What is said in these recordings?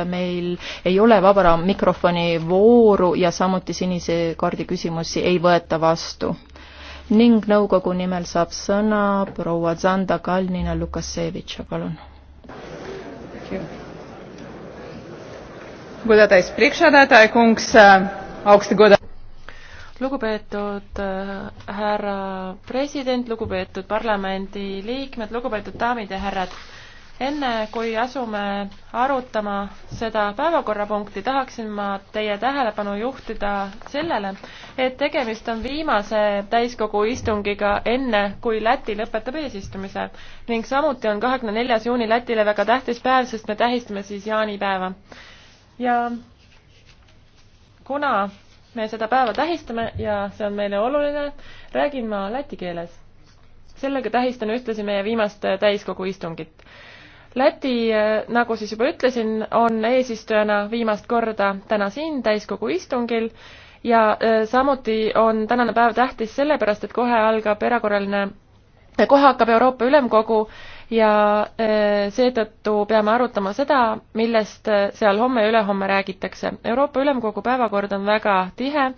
et meil ei ole vabara mikrofoni vooru ja samuti sinise kaardi küsimusi ei võeta vastu. ning nõukogu nimel saab sõna proua Zanda Kalnina Lukasevitša, palun. Äh, lugupeetud äh, härra president, lugupeetud parlamendi liikmed, lugupeetud daamid ja härrad enne kui asume arutama seda päevakorrapunkti, tahaksin ma teie tähelepanu juhtida sellele, et tegemist on viimase täiskogu istungiga enne, kui Läti lõpetab eesistumise ning samuti on kahekümne neljas juuni Lätile väga tähtis päev, sest me tähistame siis jaanipäeva. ja kuna me seda päeva tähistame ja see on meile oluline, räägin ma läti keeles. sellega tähistan ühtlasi meie viimast täiskogu istungit Läti, eh, nagu siis juba ütlesin, on eesistujana viimast korda täna siin täiskogu istungil ja eh, samuti on tänane päev tähtis sellepärast, et kohe algab erakorraline, eh, kohe hakkab Euroopa Ülemkogu ja seetõttu peame arutama seda, millest seal homme ja ülehomme räägitakse. Euroopa Ülemkogu päevakord on väga tihe,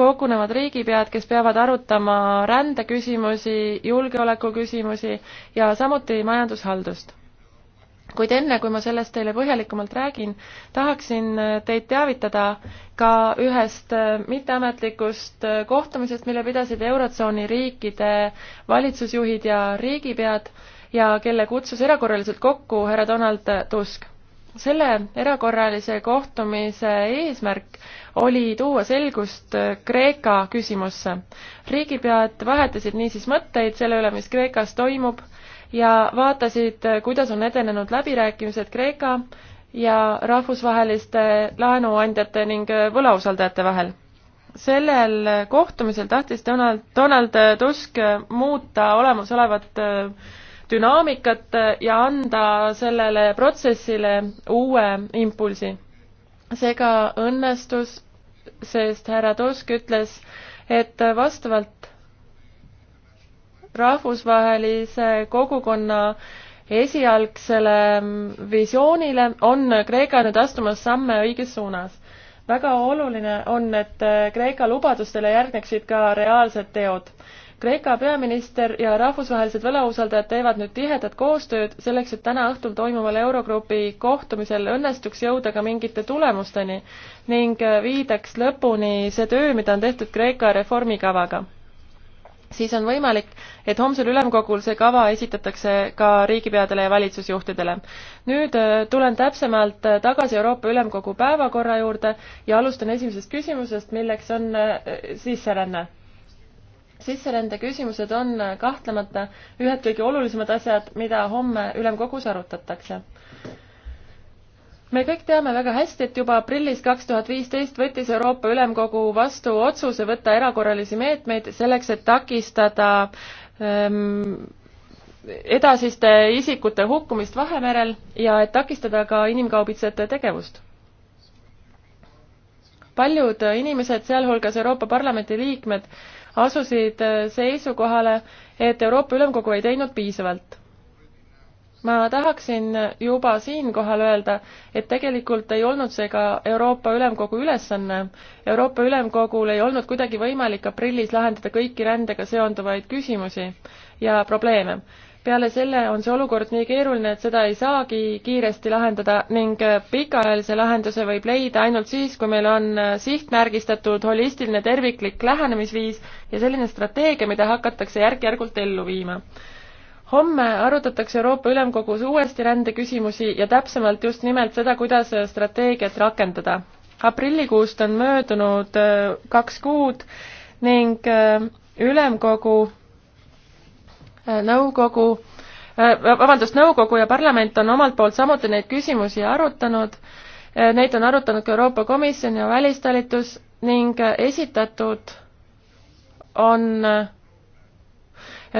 kogunevad riigipead, kes peavad arutama rändeküsimusi, julgeolekuküsimusi ja samuti majandushaldust kuid enne, kui ma sellest teile põhjalikumalt räägin, tahaksin teid teavitada ka ühest äh, mitteametlikust äh, kohtumisest, mille pidasid Eurotsooni riikide valitsusjuhid ja riigipead ja kelle kutsus erakorraliselt kokku härra Donald Tusk. selle erakorralise kohtumise eesmärk oli tuua selgust äh, Kreeka küsimusse. riigipead vahetasid niisiis mõtteid selle üle, mis Kreekas toimub ja vaatasid, kuidas on edenenud läbirääkimised Kreeka ja rahvusvaheliste laenuandjate ning võlausaldajate vahel. sellel kohtumisel tahtis Donald, Donald Tusk muuta olemasolevat äh, dünaamikat äh, ja anda sellele protsessile uue impulsi. seega õnnestus, sest härra Tusk ütles, et vastavalt rahvusvahelise kogukonna esialgsele visioonile on Kreeka nüüd astumas samme õiges suunas. väga oluline on, et Kreeka lubadustele järgneksid ka reaalsed teod. Kreeka peaminister ja rahvusvahelised võlausaldajad teevad nüüd tihedat koostööd selleks, et täna õhtul toimuval Eurogrupi kohtumisel õnnestuks jõuda ka mingite tulemusteni ning viidaks lõpuni see töö, mida on tehtud Kreeka reformikavaga siis on võimalik, et homsel ülemkogul see kava esitatakse ka riigipeadele ja valitsusjuhtidele. nüüd äh, tulen täpsemalt äh, tagasi Euroopa Ülemkogu päevakorra juurde ja alustan esimesest küsimusest, milleks on äh, sisseränne. sisserände küsimused on kahtlemata ühed kõige olulisemad asjad, mida homme ülemkogus arutatakse me kõik teame väga hästi, et juba aprillis kaks tuhat viisteist võttis Euroopa Ülemkogu vastu otsuse võtta erakorralisi meetmeid selleks, et takistada ähm, edasiste isikute hukkumist Vahemerel ja et takistada ka inimkaubitsejate tegevust. paljud inimesed, sealhulgas Euroopa Parlamendi liikmed, asusid äh, seisukohale, et Euroopa Ülemkogu ei teinud piisavalt ma tahaksin juba siinkohal öelda, et tegelikult ei olnud see ka Euroopa Ülemkogu ülesanne. Euroopa Ülemkogul ei olnud kuidagi võimalik aprillis lahendada kõiki rändega seonduvaid küsimusi ja probleeme. peale selle on see olukord nii keeruline, et seda ei saagi kiiresti lahendada ning pikaajalise lahenduse võib leida ainult siis, kui meil on sihtmärgistatud holistiline terviklik lähenemisviis ja selline strateegia, mida hakatakse järk-järgult ellu viima homme arutatakse Euroopa Ülemkogus uuesti rändeküsimusi ja täpsemalt just nimelt seda, kuidas strateegiat rakendada. aprillikuust on möödunud äh, kaks kuud ning äh, Ülemkogu, äh, nõukogu, vabandust, nõukogu ja parlament on omalt poolt samuti neid küsimusi arutanud, neid on arutanud ka Euroopa Komisjon ja välistalitus ning esitatud on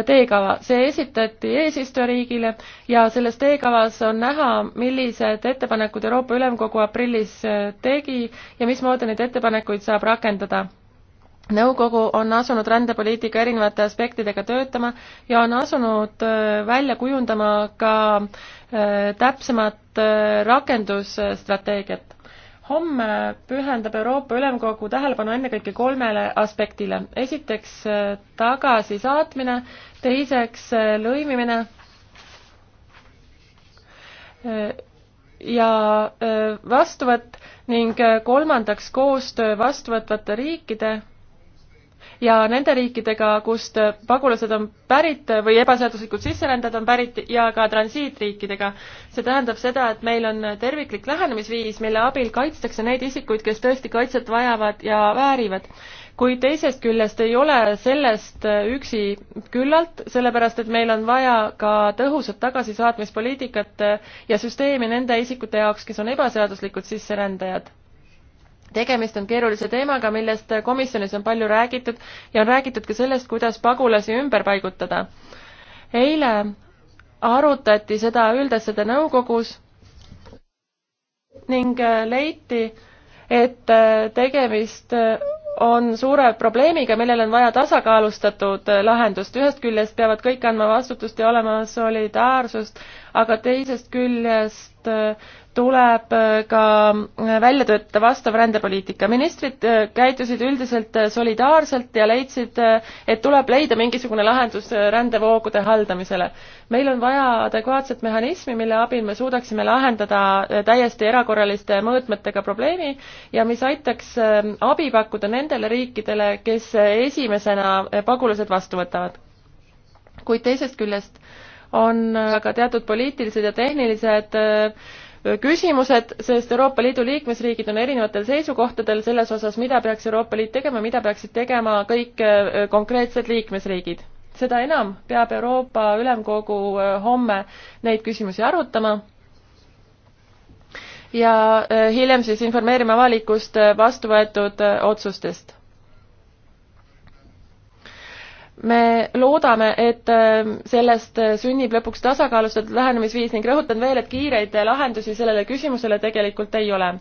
teekava. see esitati eesistujariigile ja selles teekavas on näha, millised ettepanekud Euroopa Ülemkogu aprillis äh, tegi ja mismoodi neid ettepanekuid saab rakendada nõukogu on asunud rändepoliitika erinevate aspektidega töötama ja on asunud äh, välja kujundama ka äh, täpsemat rakendusstrateegiat homme pühendab Euroopa Ülemkogu tähelepanu ennekõike kolmele aspektile. esiteks äh, tagasisaatmine, teiseks äh, lõimimine äh, ja vastuvõtt ning kolmandaks koostöö vastuvõtvate riikide ja nende riikidega, kust pagulased on pärit või ebaseaduslikud sisserändajad on pärit ja ka transiitriikidega. see tähendab seda, et meil on terviklik lähenemisviis, mille abil kaitstakse neid isikuid, kes tõesti kaitset vajavad ja väärivad. kuid teisest küljest ei ole sellest üksi küllalt, sellepärast et meil on vaja ka tõhusat tagasisaatmispoliitikat ja süsteemi nende isikute jaoks, kes on ebaseaduslikud sisserändajad tegemist on keerulise teemaga, millest komisjonis on palju räägitud ja on räägitud ka sellest, kuidas pagulasi ümber paigutada. eile arutati seda üldasjade nõukogus ning äh, leiti, et äh, tegemist äh, on suure probleemiga, millel on vaja tasakaalustatud lahendust. ühest küljest peavad kõik andma vastutust ja olema solidaarsust, aga teisest küljest tuleb äh, ka äh, välja töötada vastav rändepoliitika. ministrid äh, käitusid üldiselt solidaarselt ja leidsid, et tuleb leida mingisugune lahendus rändevoogude haldamisele. meil on vaja adekvaatset mehhanismi, mille abil me suudaksime lahendada täiesti erakorraliste mõõtmetega probleemi ja mis aitaks ähm, abi pakkuda nendele riikidele, kes esimesena pagulased vastu võtavad. kuid teisest küljest on aga teatud poliitilised ja tehnilised äh, küsimused, sest Euroopa Liidu liikmesriigid on erinevatel seisukohtadel selles osas, mida peaks Euroopa Liit tegema, mida peaksid tegema kõik äh, konkreetsed liikmesriigid. seda enam peab Euroopa Ülemkogu äh, homme neid küsimusi arutama ja äh, hiljem siis informeerima avalikkust vastu võetud otsustest me loodame, et ähm, sellest äh, sünnib lõpuks tasakaalustatud lähenemisviis ning rõhutan veel, et kiireid lahendusi sellele küsimusele tegelikult ei ole.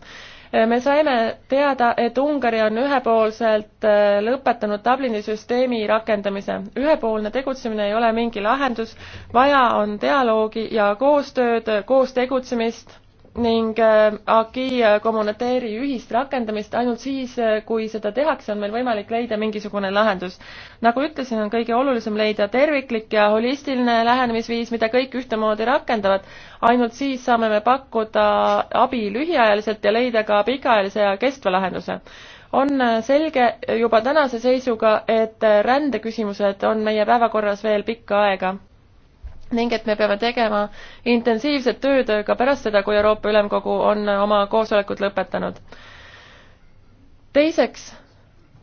Äh, me saime teada, et Ungari on ühepoolselt äh, lõpetanud Dublini süsteemi rakendamise. ühepoolne tegutsemine ei ole mingi lahendus, vaja on dialoogi ja koostööd, koos tegutsemist ning äh, AKI äh, kommunateeri ühist rakendamist ainult siis, äh, kui seda tehakse, on meil võimalik leida mingisugune lahendus. nagu ütlesin, on kõige olulisem leida terviklik ja holistiline lähenemisviis, mida kõik ühtemoodi rakendavad. ainult siis saame me pakkuda abi lühiajaliselt ja leida ka pikaajalise ja kestva lahenduse on selge juba tänase seisuga, et rändeküsimused on meie päevakorras veel pikka aega ning et me peame tegema intensiivset tööd ka pärast seda, kui Euroopa Ülemkogu on oma koosolekud lõpetanud. teiseks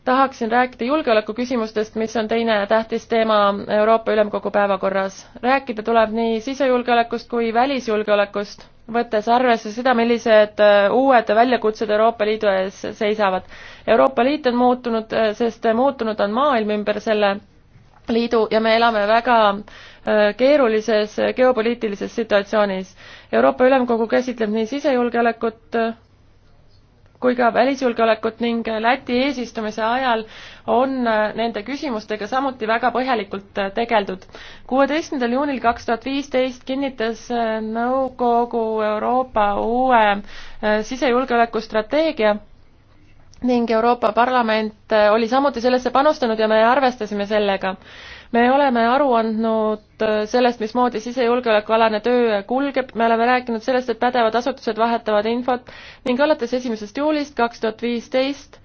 tahaksin rääkida julgeoleku küsimustest, mis on teine tähtis teema Euroopa Ülemkogu päevakorras. rääkida tuleb nii sisejulgeolekust kui välisjulgeolekust, võttes arvesse seda, millised äh, uued väljakutsed Euroopa Liidu ees seisavad. Euroopa Liit on muutunud, äh, sest muutunud on maailm ümber selle liidu ja me elame väga äh, Äh, keerulises äh, geopoliitilises situatsioonis. Euroopa Ülemkogu käsitleb nii sisejulgeolekut äh, kui ka välisjulgeolekut ning Läti eesistumise ajal on nende küsimustega samuti väga põhjalikult tegeldud. kuueteistkümnendal juunil kaks tuhat viisteist kinnitas nõukogu Euroopa uue sisejulgeolekustrateegia ning Euroopa Parlament oli samuti sellesse panustanud ja me arvestasime sellega me oleme aru andnud äh, sellest, mismoodi sisejulgeolekualane töö kulgeb, me oleme rääkinud sellest, et pädevad asutused vahetavad infot ning alates esimesest juulist kaks tuhat viisteist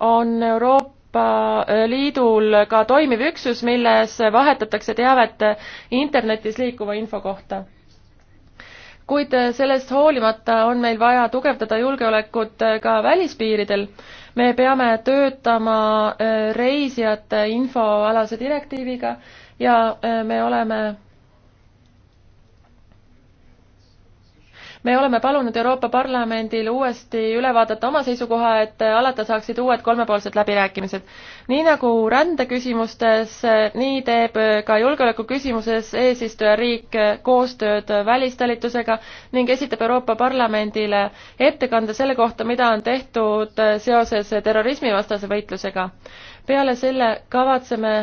on Euroopa äh, Liidul ka toimiv üksus, milles vahetatakse teavet internetis liikuva info kohta kuid äh, sellest hoolimata on meil vaja tugevdada julgeolekut ka välispiiridel me peame töötama äh, reisijate infoalase direktiiviga ja äh, me oleme me oleme palunud Euroopa Parlamendil uuesti üle vaadata oma seisukoha, et alata saaksid uued kolmepoolsed läbirääkimised. nii nagu rändeküsimustes, nii teeb ka julgeolekuküsimuses eesistujariik koostööd välistalitusega ning esitab Euroopa Parlamendile ettekande selle kohta, mida on tehtud seoses terrorismivastase võitlusega. peale selle kavatseme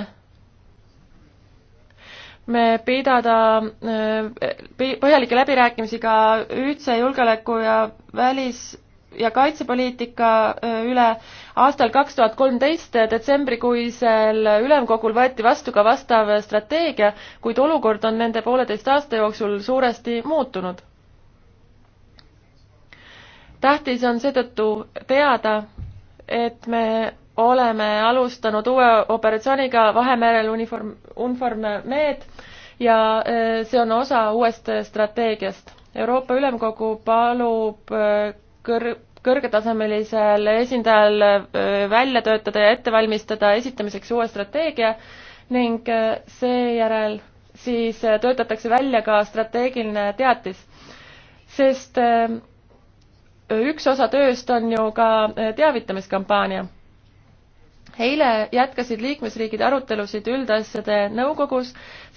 me pidada äh, põhjalikke läbirääkimisi ka ühtse julgeoleku ja välis- ja kaitsepoliitika äh, üle. aastal kaks tuhat kolmteist detsembrikuisel ülemkogul võeti vastu ka vastav strateegia, kuid olukord on nende pooleteist aasta jooksul suuresti muutunud. tähtis on seetõttu teada, et me oleme alustanud uue operatsiooniga Vahemerel uniform, uniform Med ja e, see on osa uuest strateegiast. Euroopa Ülemkogu palub e, kõr-, kõrgetasemelisel esindajal e, välja töötada ja ette valmistada esitamiseks uue strateegia ning seejärel siis töötatakse välja ka strateegiline teatis, sest üks osa tööst on ju ka teavitamiskampaania eile jätkasid liikmesriigid arutelusid üldasjade nõukogus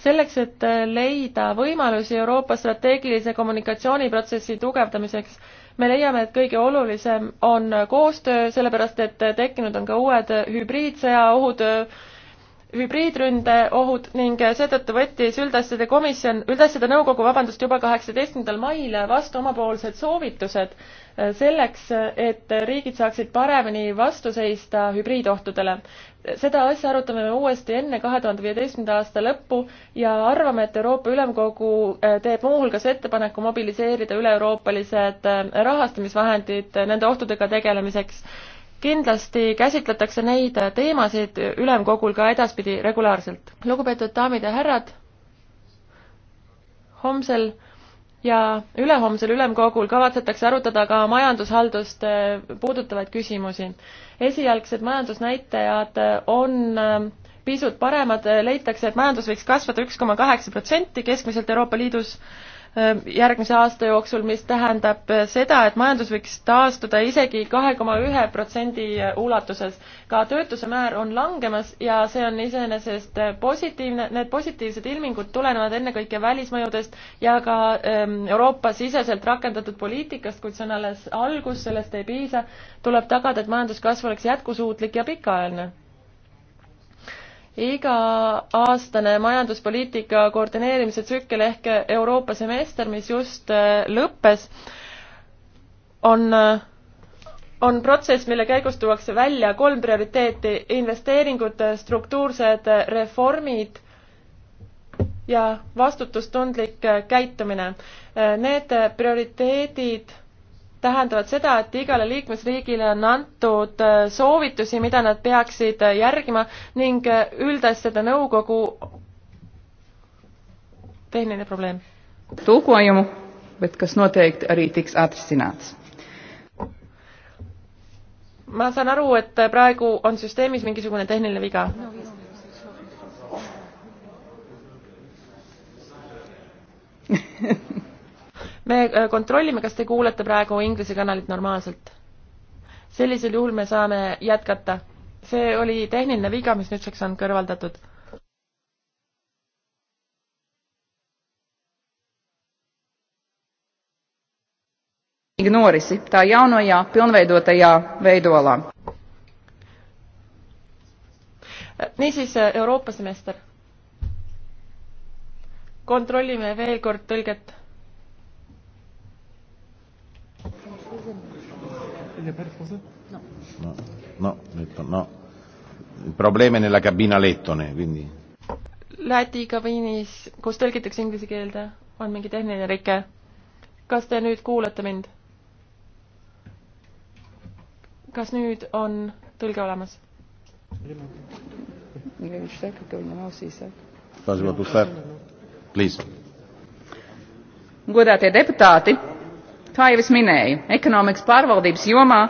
selleks, et leida võimalusi Euroopa strateegilise kommunikatsiooniprotsessi tugevdamiseks. me leiame, et kõige olulisem on koostöö, sellepärast et tekkinud on ka uued hübriidsõja ohud, hübriidründe ohud ning seetõttu võttis üldasjade komisjon, üldasjade nõukogu, vabandust, juba kaheksateistkümnendal mail vastu omapoolsed soovitused selleks, et riigid saaksid paremini vastu seista hübriidohtudele. seda asja arutame me uuesti enne kahe tuhande viieteistkümnenda aasta lõppu ja arvame, et Euroopa Ülemkogu äh, teeb muuhulgas ettepaneku mobiliseerida üle-euroopalised äh, rahastamisvahendid äh, nende ohtudega tegelemiseks kindlasti käsitletakse neid teemasid ülemkogul ka edaspidi regulaarselt. lugupeetud daamid ja härrad, homsel ja ülehomsel ülemkogul kavatsetakse arutada ka majandushaldust puudutavaid küsimusi. esialgsed majandusnäitajad on ähm, pisut paremad, leitakse, et majandus võiks kasvada üks koma kaheksa protsenti keskmiselt Euroopa Liidus Ehm, järgmise aasta jooksul, mis tähendab seda, et majandus võiks taastuda isegi kahe koma ühe protsendi ulatuses. ka töötuse määr on langemas ja see on iseenesest positiivne, need positiivsed ilmingud tulenevad ennekõike välismõjudest ja ka ehm, Euroopa-siseselt rakendatud poliitikast, kuid see on alles algus, sellest ei piisa. tuleb tagada, et majanduskasv oleks jätkusuutlik ja pikaajaline iga-aastane majanduspoliitika koordineerimise tsükkel ehk Euroopa semester, mis just äh, lõppes, on, äh, on protsess, mille käigus tuuakse välja kolm prioriteeti, investeeringud, struktuursed reformid ja vastutustundlik äh, käitumine. Need prioriteedid tähendavad seda, et igale liikmesriigile on antud äh, soovitusi, mida nad peaksid äh, järgima ning äh, üldasjade nõukogu tehniline probleem. tulguaimu, et kas noteekt riidiks adressinaats? ma saan aru, et praegu on süsteemis mingisugune tehniline viga no,. me äh, kontrollime, kas te kuulete praegu Inglise kanalit normaalselt. sellisel juhul me saame jätkata. see oli tehniline viga, mis nüüdseks on kõrvaldatud. ignorisi tā jaunajā pilnveidotajā veidolā. niisiis Euroopa semester. kontrollime veel kord tõlget n'y a pas de français No. No, no, detto no. Il problema è nella cabina lettone, quindi. Läti kabiinis, kus tõlgitakse inglise keelde, on mingi tehniline rike. kas te nüüd kuulete mind? kas nüüd on tõlge olemas? Please. Godātie deputāti, kā jau es minēju ekonomikas pārvaldības jomā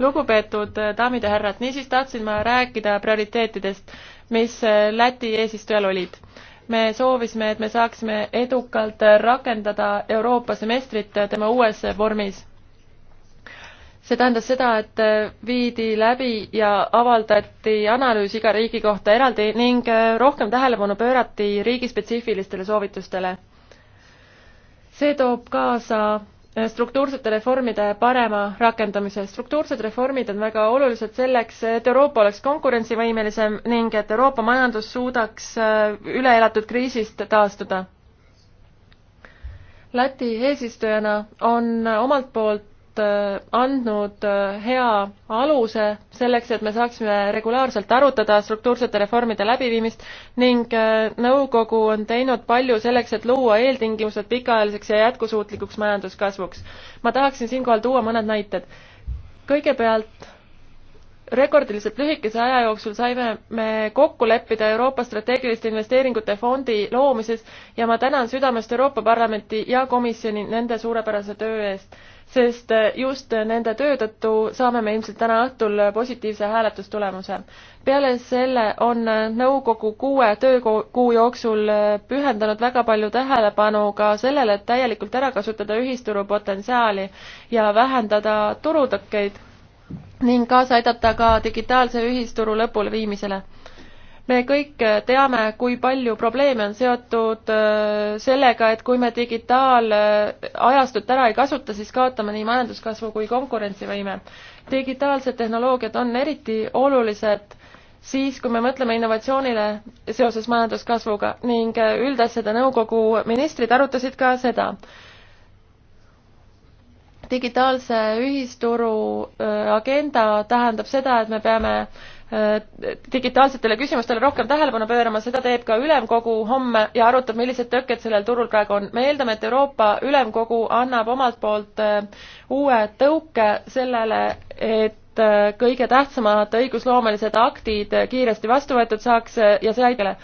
lugupeetud eh, daamid ja härrad, niisiis tahtsin ma rääkida prioriteetidest, mis eh, Läti eesistujal olid. me soovisime, et me saaksime edukalt eh, rakendada Euroopa semestrit tema uues vormis. see tähendas seda, et viidi läbi ja avaldati analüüs iga riigi kohta eraldi ning rohkem tähelepanu pöörati riigispetsiifilistele soovitustele. see toob kaasa struktuursete reformide parema rakendamise. struktuursed reformid on väga olulised selleks, et Euroopa oleks konkurentsivõimelisem ning et Euroopa majandus suudaks äh, üle elatud kriisist taastuda. Läti eesistujana on omalt poolt Äh, andnud äh, hea aluse selleks, et me saaksime regulaarselt arutada struktuursete reformide läbiviimist ning äh, nõukogu on teinud palju selleks, et luua eeltingimused pikaajaliseks ja jätkusuutlikuks majanduskasvuks. ma tahaksin siinkohal tuua mõned näited. kõigepealt rekordiliselt lühikese aja jooksul saime me kokku leppida Euroopa strateegiliste investeeringute fondi loomises ja ma tänan südamest Euroopa Parlamenti ja komisjoni nende suurepärase töö eest, sest just nende töö tõttu saame me ilmselt täna õhtul positiivse hääletustulemuse. peale selle on nõukogu kuue töökuu jooksul pühendanud väga palju tähelepanu ka sellele, et täielikult ära kasutada ühisturu potentsiaali ja vähendada turutõkkeid ning kaasa aidata ka digitaalse ühisturu lõpuleviimisele. me kõik teame, kui palju probleeme on seotud äh, sellega, et kui me digitaalajastut äh, ära ei kasuta, siis kaotame nii majanduskasvu kui konkurentsivõime. digitaalsed tehnoloogiad on eriti olulised siis, kui me mõtleme innovatsioonile seoses majanduskasvuga ning äh, üldasjade nõukogu ministrid arutasid ka seda digitaalse ühisturu äh, agenda tähendab seda, et me peame äh, digitaalsetele küsimustele rohkem tähelepanu pöörama, seda teeb ka ülemkogu homme ja arutab, millised tõkked sellel turul praegu on. me eeldame, et Euroopa Ülemkogu annab omalt poolt äh, uue tõuke sellele, et kõige tähtsamad õigusloomelised aktid kiiresti vastu võetud saaks ja see aitele.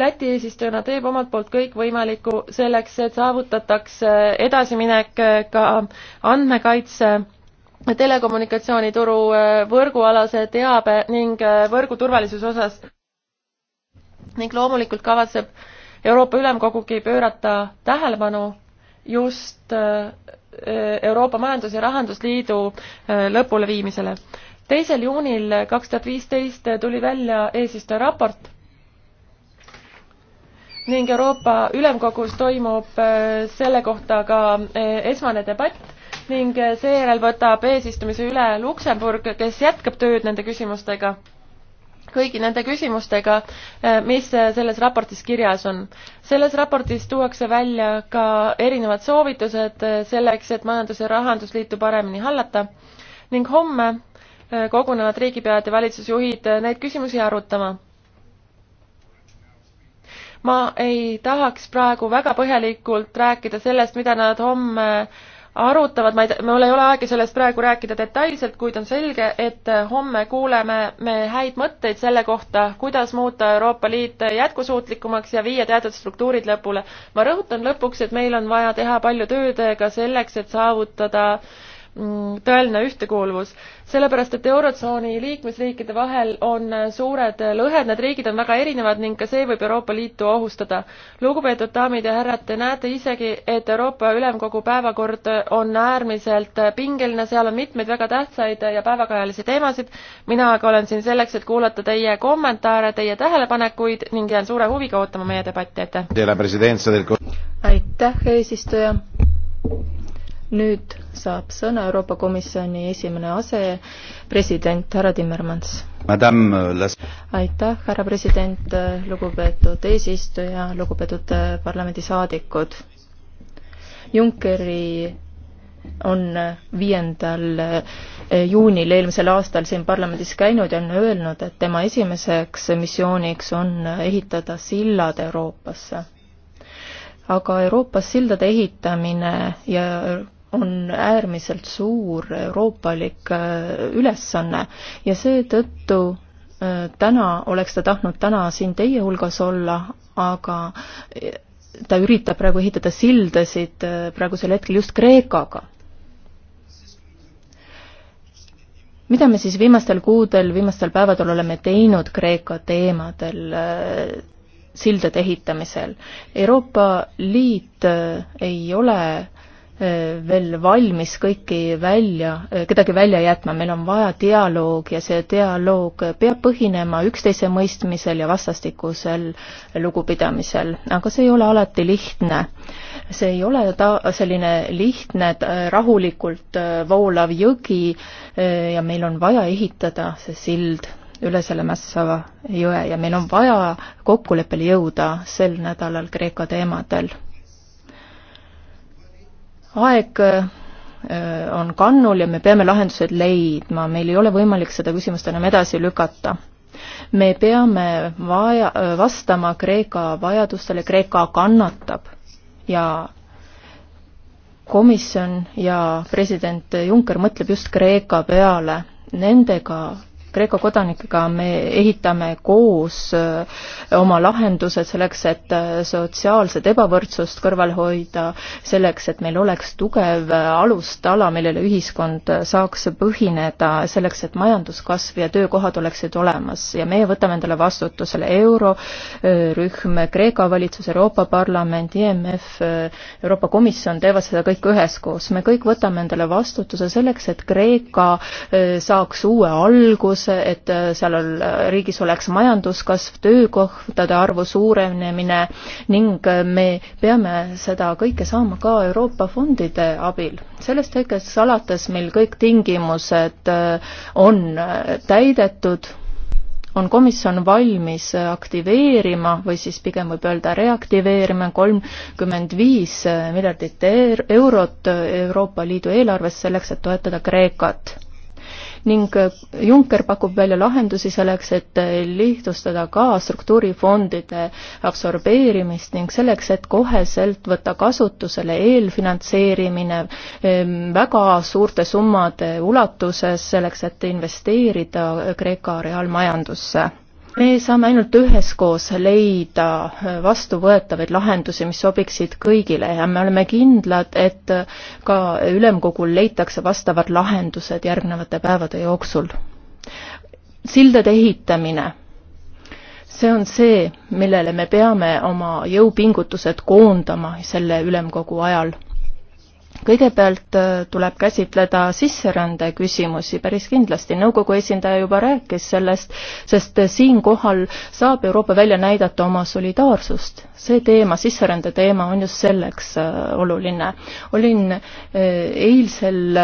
Läti eesistujana teeb omalt poolt kõik võimalikku selleks, et saavutataks edasiminek eh, ka andmekaitse telekommunikatsioonituru eh, võrgualase teabe ning eh, võrguturvalisuse osas. ning loomulikult kavatseb Euroopa Ülemkogugi pöörata tähelepanu just Euroopa Majandus- ja Rahandusliidu lõpuleviimisele. teisel juunil kaks tuhat viisteist tuli välja eesistuja raport, ning Euroopa Ülemkogus toimub äh, selle kohta ka äh, esmane debatt ning äh, seejärel võtab eesistumise üle Luksemburg, kes jätkab tööd nende küsimustega, kõigi nende küsimustega, mis selles raportis kirjas on. selles raportis tuuakse välja ka erinevad soovitused selleks, et majandus- ja rahandusliitu paremini hallata ning homme kogunevad riigipead ja valitsusjuhid neid küsimusi arutama ma ei tahaks praegu väga põhjalikult rääkida sellest, mida nad homme arutavad, ma ei, mul ei ole aega sellest praegu rääkida detailselt, kuid on selge, et homme kuuleme me häid mõtteid selle kohta, kuidas muuta Euroopa Liit jätkusuutlikumaks ja viia teatud struktuurid lõpule. ma rõhutan lõpuks, et meil on vaja teha palju tööd ka selleks, et saavutada äh, Mm, tõeline ühtekuuluvus, sellepärast et Eurotsooni liikmesriikide vahel on suured lõhed, need riigid on väga erinevad ning ka see võib Euroopa Liitu ohustada. lugupeetud daamid ja härrad, te näete isegi, et Euroopa Ülemkogu päevakord on äärmiselt pingeline, seal on mitmeid väga tähtsaid ja päevakajalisi teemasid, mina aga olen siin selleks, et kuulata teie kommentaare, teie tähelepanekuid ning jään suure huviga ootama meie debatti, aitäh! aitäh, eesistuja! nüüd saab sõna Euroopa Komisjoni esimene asepresident härra Timmermans. Euh, aitäh, härra president, äh, lugupeetud eesistuja, lugupeetud äh, parlamendisaadikud. Junckeri on äh, viiendal juunil eelmisel aastal siin parlamendis käinud ja on öelnud, et tema esimeseks missiooniks on ehitada sillad Euroopasse. aga Euroopas sildade ehitamine ja on äärmiselt suur euroopalik äh, ülesanne ja seetõttu äh, täna oleks ta tahtnud täna siin teie hulgas olla, aga äh, ta üritab praegu ehitada sildasid praegusel hetkel just Kreekaga. mida me siis viimastel kuudel, viimastel päevadel oleme teinud Kreeka teemadel sildade ehitamisel? Euroopa Liit ei ole Äh, veel valmis kõiki välja, äh, kedagi välja jätma, meil on vaja dialoog ja see dialoog peab põhinema üksteise mõistmisel ja vastastikusel lugupidamisel, aga see ei ole alati lihtne. see ei ole ta-, selline lihtne, äh, rahulikult voolav jõgi ja meil on vaja ehitada see sild üle selle mässava jõe ja meil on vaja kokkuleppele jõuda sel nädalal Kreeka teemadel aeg äh, on kannul ja me peame lahendused leidma, meil ei ole võimalik seda küsimust enam edasi lükata. me peame vaja, äh, vastama Kreeka vajadustele, Kreeka kannatab ja komisjon ja president Juncker mõtleb just Kreeka peale, nendega Kreeka kodanikega me ehitame koos äh, oma lahendused selleks, et äh, sotsiaalset ebavõrdsust kõrvale hoida, selleks, et meil oleks tugev äh, alustala, millele ühiskond saaks põhineda, selleks, et majanduskasv ja töökohad oleksid olemas ja meie võtame endale vastutusele eurorühm, Kreeka valitsus, Euroopa Parlament, IMF, Euroopa Komisjon teevad seda kõik üheskoos. me kõik võtame endale vastutuse selleks, et Kreeka saaks uue alguse, et äh, seal on, äh, riigis oleks majanduskasv, töökohtade arvu suurenemine ning äh, me peame seda kõike saama ka Euroopa fondide abil. sellest hetkest alates meil kõik tingimused on täidetud, on komisjon valmis aktiveerima või siis pigem võib öelda reaktiveerima kolmkümmend viis miljardit eurot Euroopa Liidu eelarvest selleks, et toetada Kreekat ning äh, Juncker pakub välja lahendusi selleks, et äh, lihtsustada ka struktuurifondide absorbeerimist ning selleks, et koheselt võtta kasutusele eelfinantseerimine ehm, väga suurte summade ulatuses, selleks et investeerida Kreeka reaalmajandusse me saame ainult üheskoos leida vastuvõetavaid lahendusi, mis sobiksid kõigile ja me oleme kindlad, et ka ülemkogul leitakse vastavad lahendused järgnevate päevade jooksul. sildade ehitamine, see on see, millele me peame oma jõupingutused koondama selle ülemkogu ajal kõigepealt äh, tuleb käsitleda sisserände küsimusi päris kindlasti, nõukogu esindaja juba rääkis sellest, sest äh, siinkohal saab Euroopa välja näidata oma solidaarsust. see teema, sisserände teema on just selleks äh, oluline. olin eilsel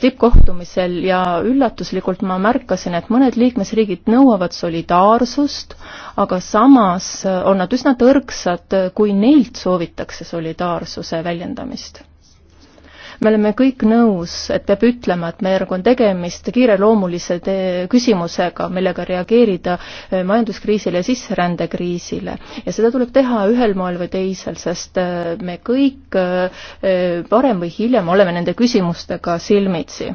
tippkohtumisel ja üllatuslikult ma märkasin, et mõned liikmesriigid nõuavad solidaarsust, aga samas on nad üsna tõrksad, kui neilt soovitakse solidaarsuse väljendamist me oleme kõik nõus, et peab ütlema, et meil on tegemist kiireloomulise te küsimusega, millega reageerida eh, majanduskriisile ja sisserändekriisile. ja seda tuleb teha ühel moel või teisel, sest eh, me kõik varem eh, või hiljem oleme nende küsimustega silmitsi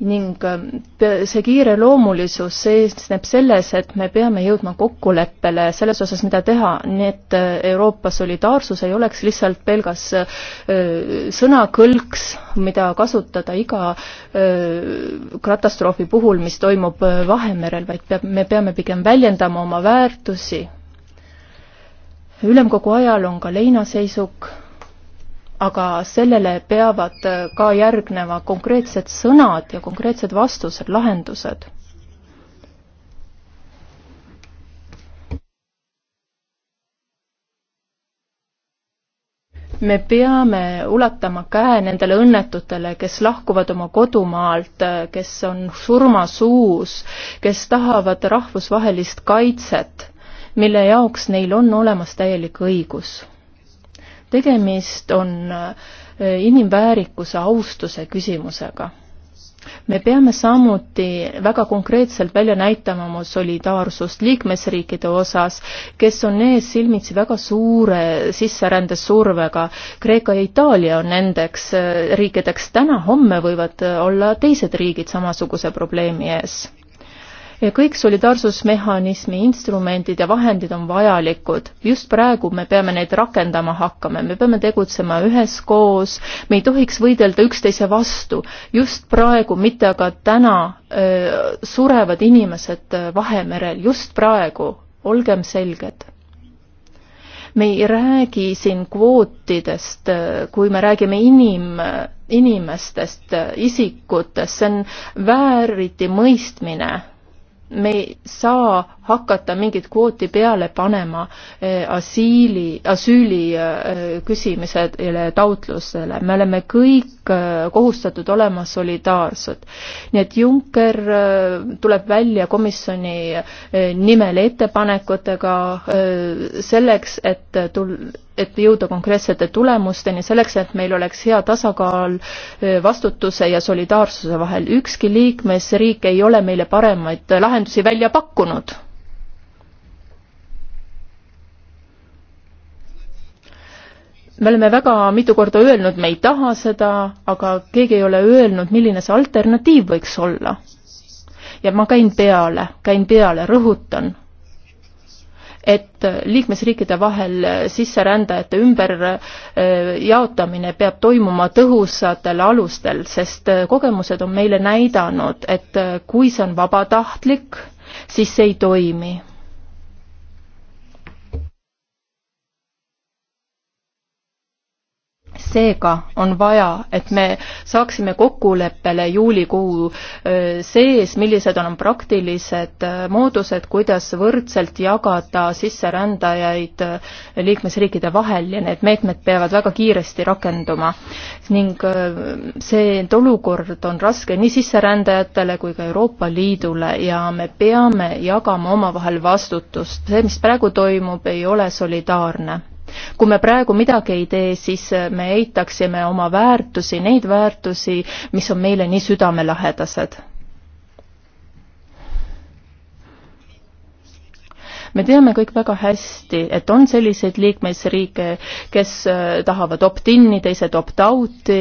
ning ähm, see kiireloomulisus seisneb selles, et me peame jõudma kokkuleppele selles osas, mida teha, nii et äh, Euroopa solidaarsus ei oleks lihtsalt pelgas äh, sõnakõlks, mida kasutada iga äh, katastroofi puhul, mis toimub Vahemerel, vaid peab, me peame pigem väljendama oma väärtusi. ülemkogu ajal on ka leinaseisuk aga sellele peavad ka järgneva konkreetsed sõnad ja konkreetsed vastused, lahendused. me peame ulatama käe nendele õnnetutele, kes lahkuvad oma kodumaalt, kes on surmasuus, kes tahavad rahvusvahelist kaitset, mille jaoks neil on olemas täielik õigus tegemist on äh, inimväärikuse austuse küsimusega. me peame samuti väga konkreetselt välja näitama oma solidaarsust liikmesriikide osas, kes on ees silmitsi väga suure sisserändesurvega. Kreeka ja Itaalia on nendeks äh, riikideks, täna-homme võivad äh, olla teised riigid samasuguse probleemi ees kõik solidaarsusmehhanismi instrumendid ja vahendid on vajalikud. just praegu me peame neid rakendama hakkama, me peame tegutsema üheskoos, me ei tohiks võidelda üksteise vastu. just praegu, mitte aga täna, surevad inimesed Vahemerel, just praegu, olgem selged me ei räägi siin kvootidest, kui me räägime inim, inimestest, isikutest, see on vääriti mõistmine me ei saa hakata mingit kvooti peale panema eh, asiili, asüüli eh, küsimisele, taotlusele. me oleme kõik eh, kohustatud olema solidaarsed. nii et Juncker tuleb välja komisjoni nimel ettepanekutega selleks, et tul-, et jõuda konkreetsete tulemusteni, selleks, et meil oleks hea tasakaal vastutuse ja solidaarsuse vahel. ükski liikmesriik ei ole meile paremaid lahendusi välja pakkunud. me oleme väga mitu korda öelnud, me ei taha seda, aga keegi ei ole öelnud, milline see alternatiiv võiks olla. ja ma käin peale, käin peale, rõhutan, et liikmesriikide vahel sisserändajate ümberjaotamine eh, peab toimuma tõhusatel alustel, sest eh, kogemused on meile näidanud, et eh, kui see on vabatahtlik, siis see ei toimi seega on vaja, et me saaksime kokkuleppele juulikuu sees, millised on praktilised moodused, kuidas võrdselt jagada sisserändajaid liikmesriikide vahel ja need meetmed peavad väga kiiresti rakenduma. ning see olukord on raske nii sisserändajatele kui ka Euroopa Liidule ja me peame jagama omavahel vastutust. see, mis praegu toimub, ei ole solidaarne kui me praegu midagi ei tee, siis äh, me eitaksime oma väärtusi, neid väärtusi, mis on meile nii südamelähedased. me teame kõik väga hästi, et on selliseid liikmesriike, kes äh, tahavad opt-in'i, teised opt-out'i,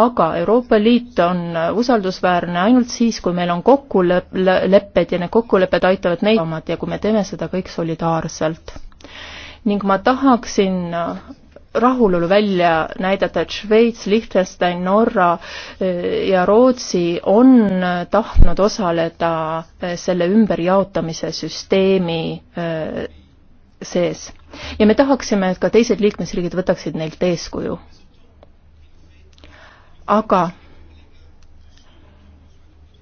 aga Euroopa Liit on äh, usaldusväärne ainult siis, kui meil on kokkulepped ja need kokkulepped aitavad neid omad ja kui me teeme seda kõik solidaarselt ning ma tahaksin rahulolu välja näidata, et Šveits, Liechtenstein, Norra eh, ja Rootsi on tahtnud osaleda eh, selle ümberjaotamise süsteemi eh, sees. ja me tahaksime, et ka teised liikmesriigid võtaksid neilt eeskuju. aga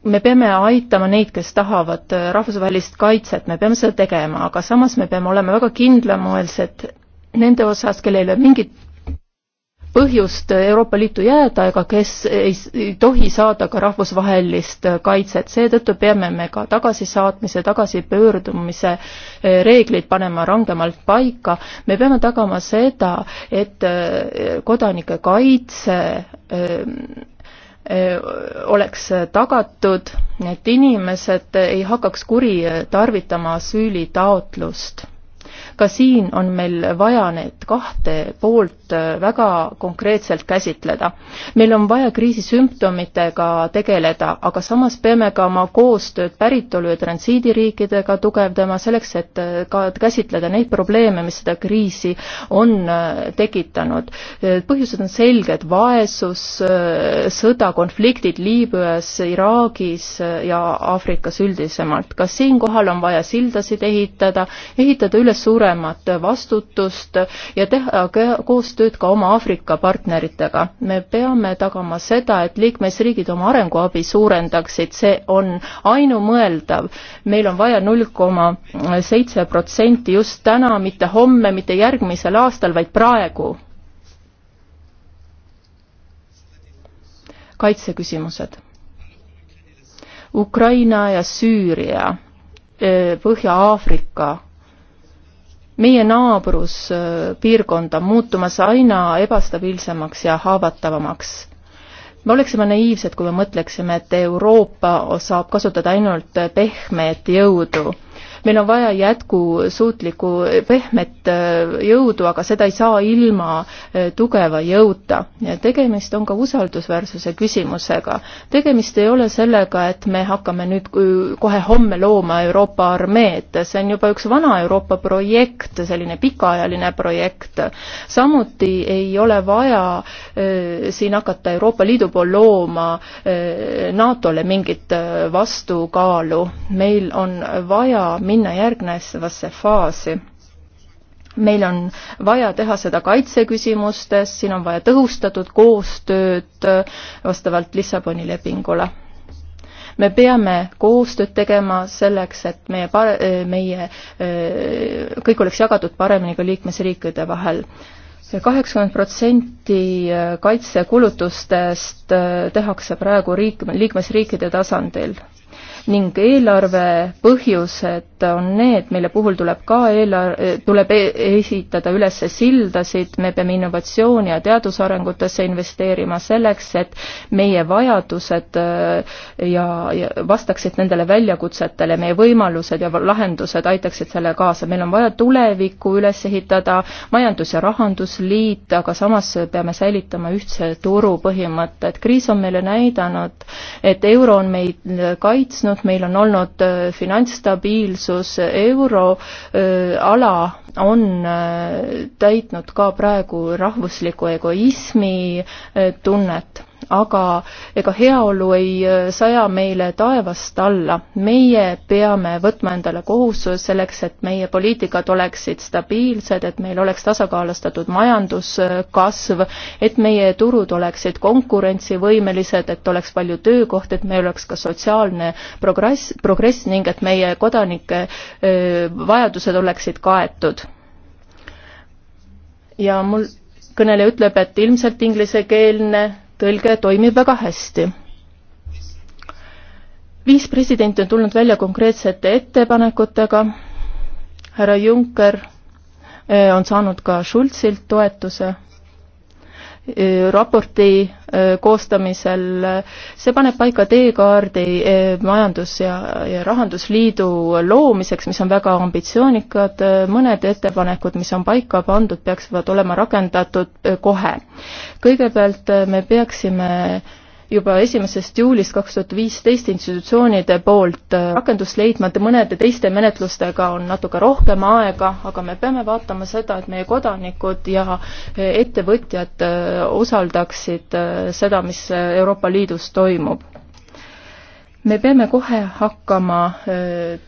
me peame aitama neid, kes tahavad äh, rahvusvahelist kaitset, me peame seda tegema, aga samas me peame olema väga kindlamoelsed nende osas, kellel ei ole mingit põhjust Euroopa Liitu jääda ega kes ei, ei tohi saada ka rahvusvahelist äh, kaitset, seetõttu peame me ka tagasisaatmise, tagasipöördumise äh, reeglid panema rangemalt paika, me peame tagama seda, et kodanike kaitse oleks tagatud, et inimesed ei hakkaks kuritarvitama asüülitaotlust ka siin on meil vaja need kahte poolt väga konkreetselt käsitleda. meil on vaja kriisisümptomitega tegeleda, aga samas peame ka oma koostööd päritolu- ja transiidiriikidega tugevdama selleks, et ka käsitleda neid probleeme, mis seda kriisi on tekitanud. põhjused on selged, vaesus, sõda, konfliktid Liibüas, Iraagis ja Aafrikas üldisemalt. ka siinkohal on vaja sildasid ehitada, ehitada üles suure suuremat vastutust ja teha koostööd ka oma Aafrika partneritega. me peame tagama seda, et liikmesriigid oma arenguabi suurendaksid, see on ainumõeldav. meil on vaja null koma seitse protsenti just täna, mitte homme, mitte järgmisel aastal, vaid praegu. kaitseküsimused Ukraina ja Süüria, eh, Põhja-Aafrika meie naabruspiirkond äh, on muutumas aina ebastabiilsemaks ja haavatavamaks. me oleksime naiivsed, kui me mõtleksime, et Euroopa saab kasutada ainult pehmet jõudu meil on vaja jätkusuutlikku pehmet äh, jõudu, aga seda ei saa ilma äh, tugeva jõuta. tegemist on ka usaldusväärsuse küsimusega. tegemist ei ole sellega, et me hakkame nüüd äh, kohe homme looma Euroopa armeed, see on juba üks vana Euroopa projekt, selline pikaajaline projekt. samuti ei ole vaja siin hakata Euroopa Liidu pool looma NATO-le mingit vastukaalu, meil on vaja minna minna järgnevasse faasi meil on vaja teha seda kaitseküsimustes, siin on vaja tõhustatud koostööd vastavalt Lissaboni lepingule. me peame koostööd tegema selleks, et meie, meie äh, kõik oleks jagatud paremini ka liikmesriikide vahel kaheksakümmend protsenti äh, kaitsekulutustest äh, tehakse praegu riik, liikmesriikide tasandil ning eelarve põhjused on need, mille puhul tuleb ka eelar-, tuleb e-, esitada üles sildasid, me peame innovatsiooni ja teadusarengutesse investeerima selleks, et meie vajadused äh, ja, ja vastaksid nendele väljakutsetele, meie võimalused ja lahendused aitaksid selle kaasa, meil on vaja tulevikku üles ehitada, majandus- ja rahandusliit, aga samas peame säilitama ühtse turu põhimõtted, kriis on meile näidanud, et euro on meid kaitsnud, pidanud, meil on olnud äh, finantsstabiilsus, äh, euroala äh, on täitnud ka praegu rahvusliku egoismi tunnet aga ega heaolu ei äh, saja meile taevast alla. meie peame võtma endale kohustuse selleks, et meie poliitikad oleksid stabiilsed, et meil oleks tasakaalustatud majanduskasv, et meie turud oleksid konkurentsivõimelised, et oleks palju töökohti, et meil oleks ka sotsiaalne progress, progress ning et meie kodanike äh, vajadused oleksid kaetud. ja mul kõneleja ütleb, et ilmselt inglisekeelne tõlge toimib väga hästi. viis presidenti on tulnud välja konkreetsete ettepanekutega, härra Juncker eh, on saanud ka Schulzilt toetuse raporti koostamisel, see paneb paika teekaardi Majandus- ja, ja Rahandusliidu loomiseks, mis on väga ambitsioonikad, mõned ettepanekud, mis on paika pandud, peaksid olema rakendatud kohe. kõigepealt me peaksime juba esimesest juulist kaks tuhat viisteist institutsioonide poolt äh, rakendust leidma, et mõnede teiste menetlustega on natuke rohkem aega, aga me peame vaatama seda, et meie kodanikud ja äh, ettevõtjad usaldaksid äh, seda, mis Euroopa Liidus toimub me peame kohe hakkama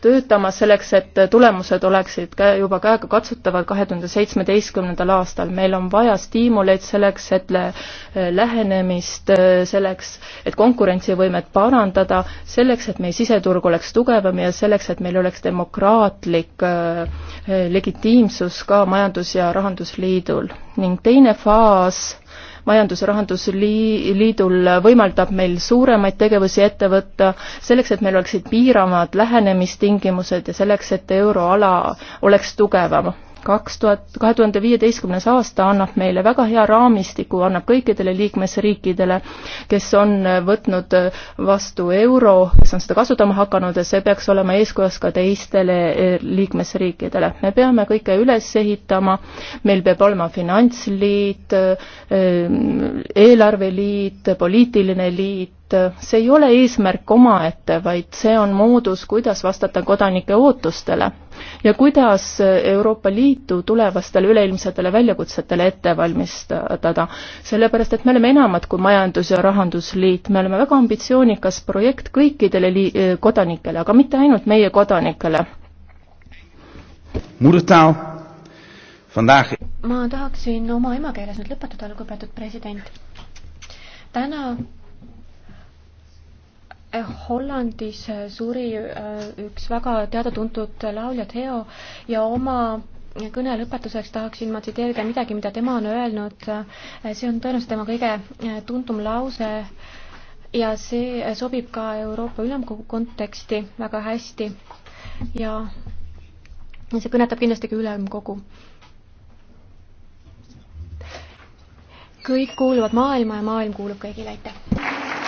töötama selleks, et tulemused oleksid ka juba käegakatsutavad kahe tuhande seitsmeteistkümnendal aastal. meil on vaja stiimuleid selleks, et lähenemist selleks, et konkurentsivõimet parandada, selleks, et meie siseturg oleks tugevam ja selleks, et meil oleks demokraatlik legitiimsus ka Majandus- ja Rahandusliidul. ning teine faas majandus- ja rahandusliidul võimaldab meil suuremaid tegevusi ette võtta, selleks et meil oleksid piiravad lähenemistingimused ja selleks, et euroala oleks tugevam kaks tuhat, kahe tuhande viieteistkümnes aasta annab meile väga hea raamistiku, annab kõikidele liikmesriikidele, kes on võtnud vastu euro, kes on seda kasutama hakanud ja see peaks olema eeskujuks ka teistele eh, liikmesriikidele. me peame kõike üles ehitama, meil peab olema finantsliit, eh, eelarveliit, poliitiline liit, see ei ole eesmärk omaette, vaid see on moodus, kuidas vastata kodanike ootustele ja kuidas Euroopa Liitu tulevastele üleilmsetele väljakutsetele ette valmistada. sellepärast, et me oleme enamad kui Majandus- ja Rahandusliit, me oleme väga ambitsioonikas projekt kõikidele li-, kodanikele, aga mitte ainult meie kodanikele. Moedertaal vandaag. ma tahaksin oma emakeeles nüüd lõpetada, lugupeetud president. täna Eh, Hollandis eh, suri eh, üks väga teada-tuntud laulja Theo ja oma kõne lõpetuseks tahaksin ma tsiteerida midagi, mida tema on öelnud. see on tõenäoliselt tema kõige tuntum lause ja see sobib ka Euroopa Ülemkogu konteksti väga hästi. ja see kõnetab kindlasti ka Ülemkogu kõik kuuluvad maailma ja maailm kuulub kõigile, aitäh!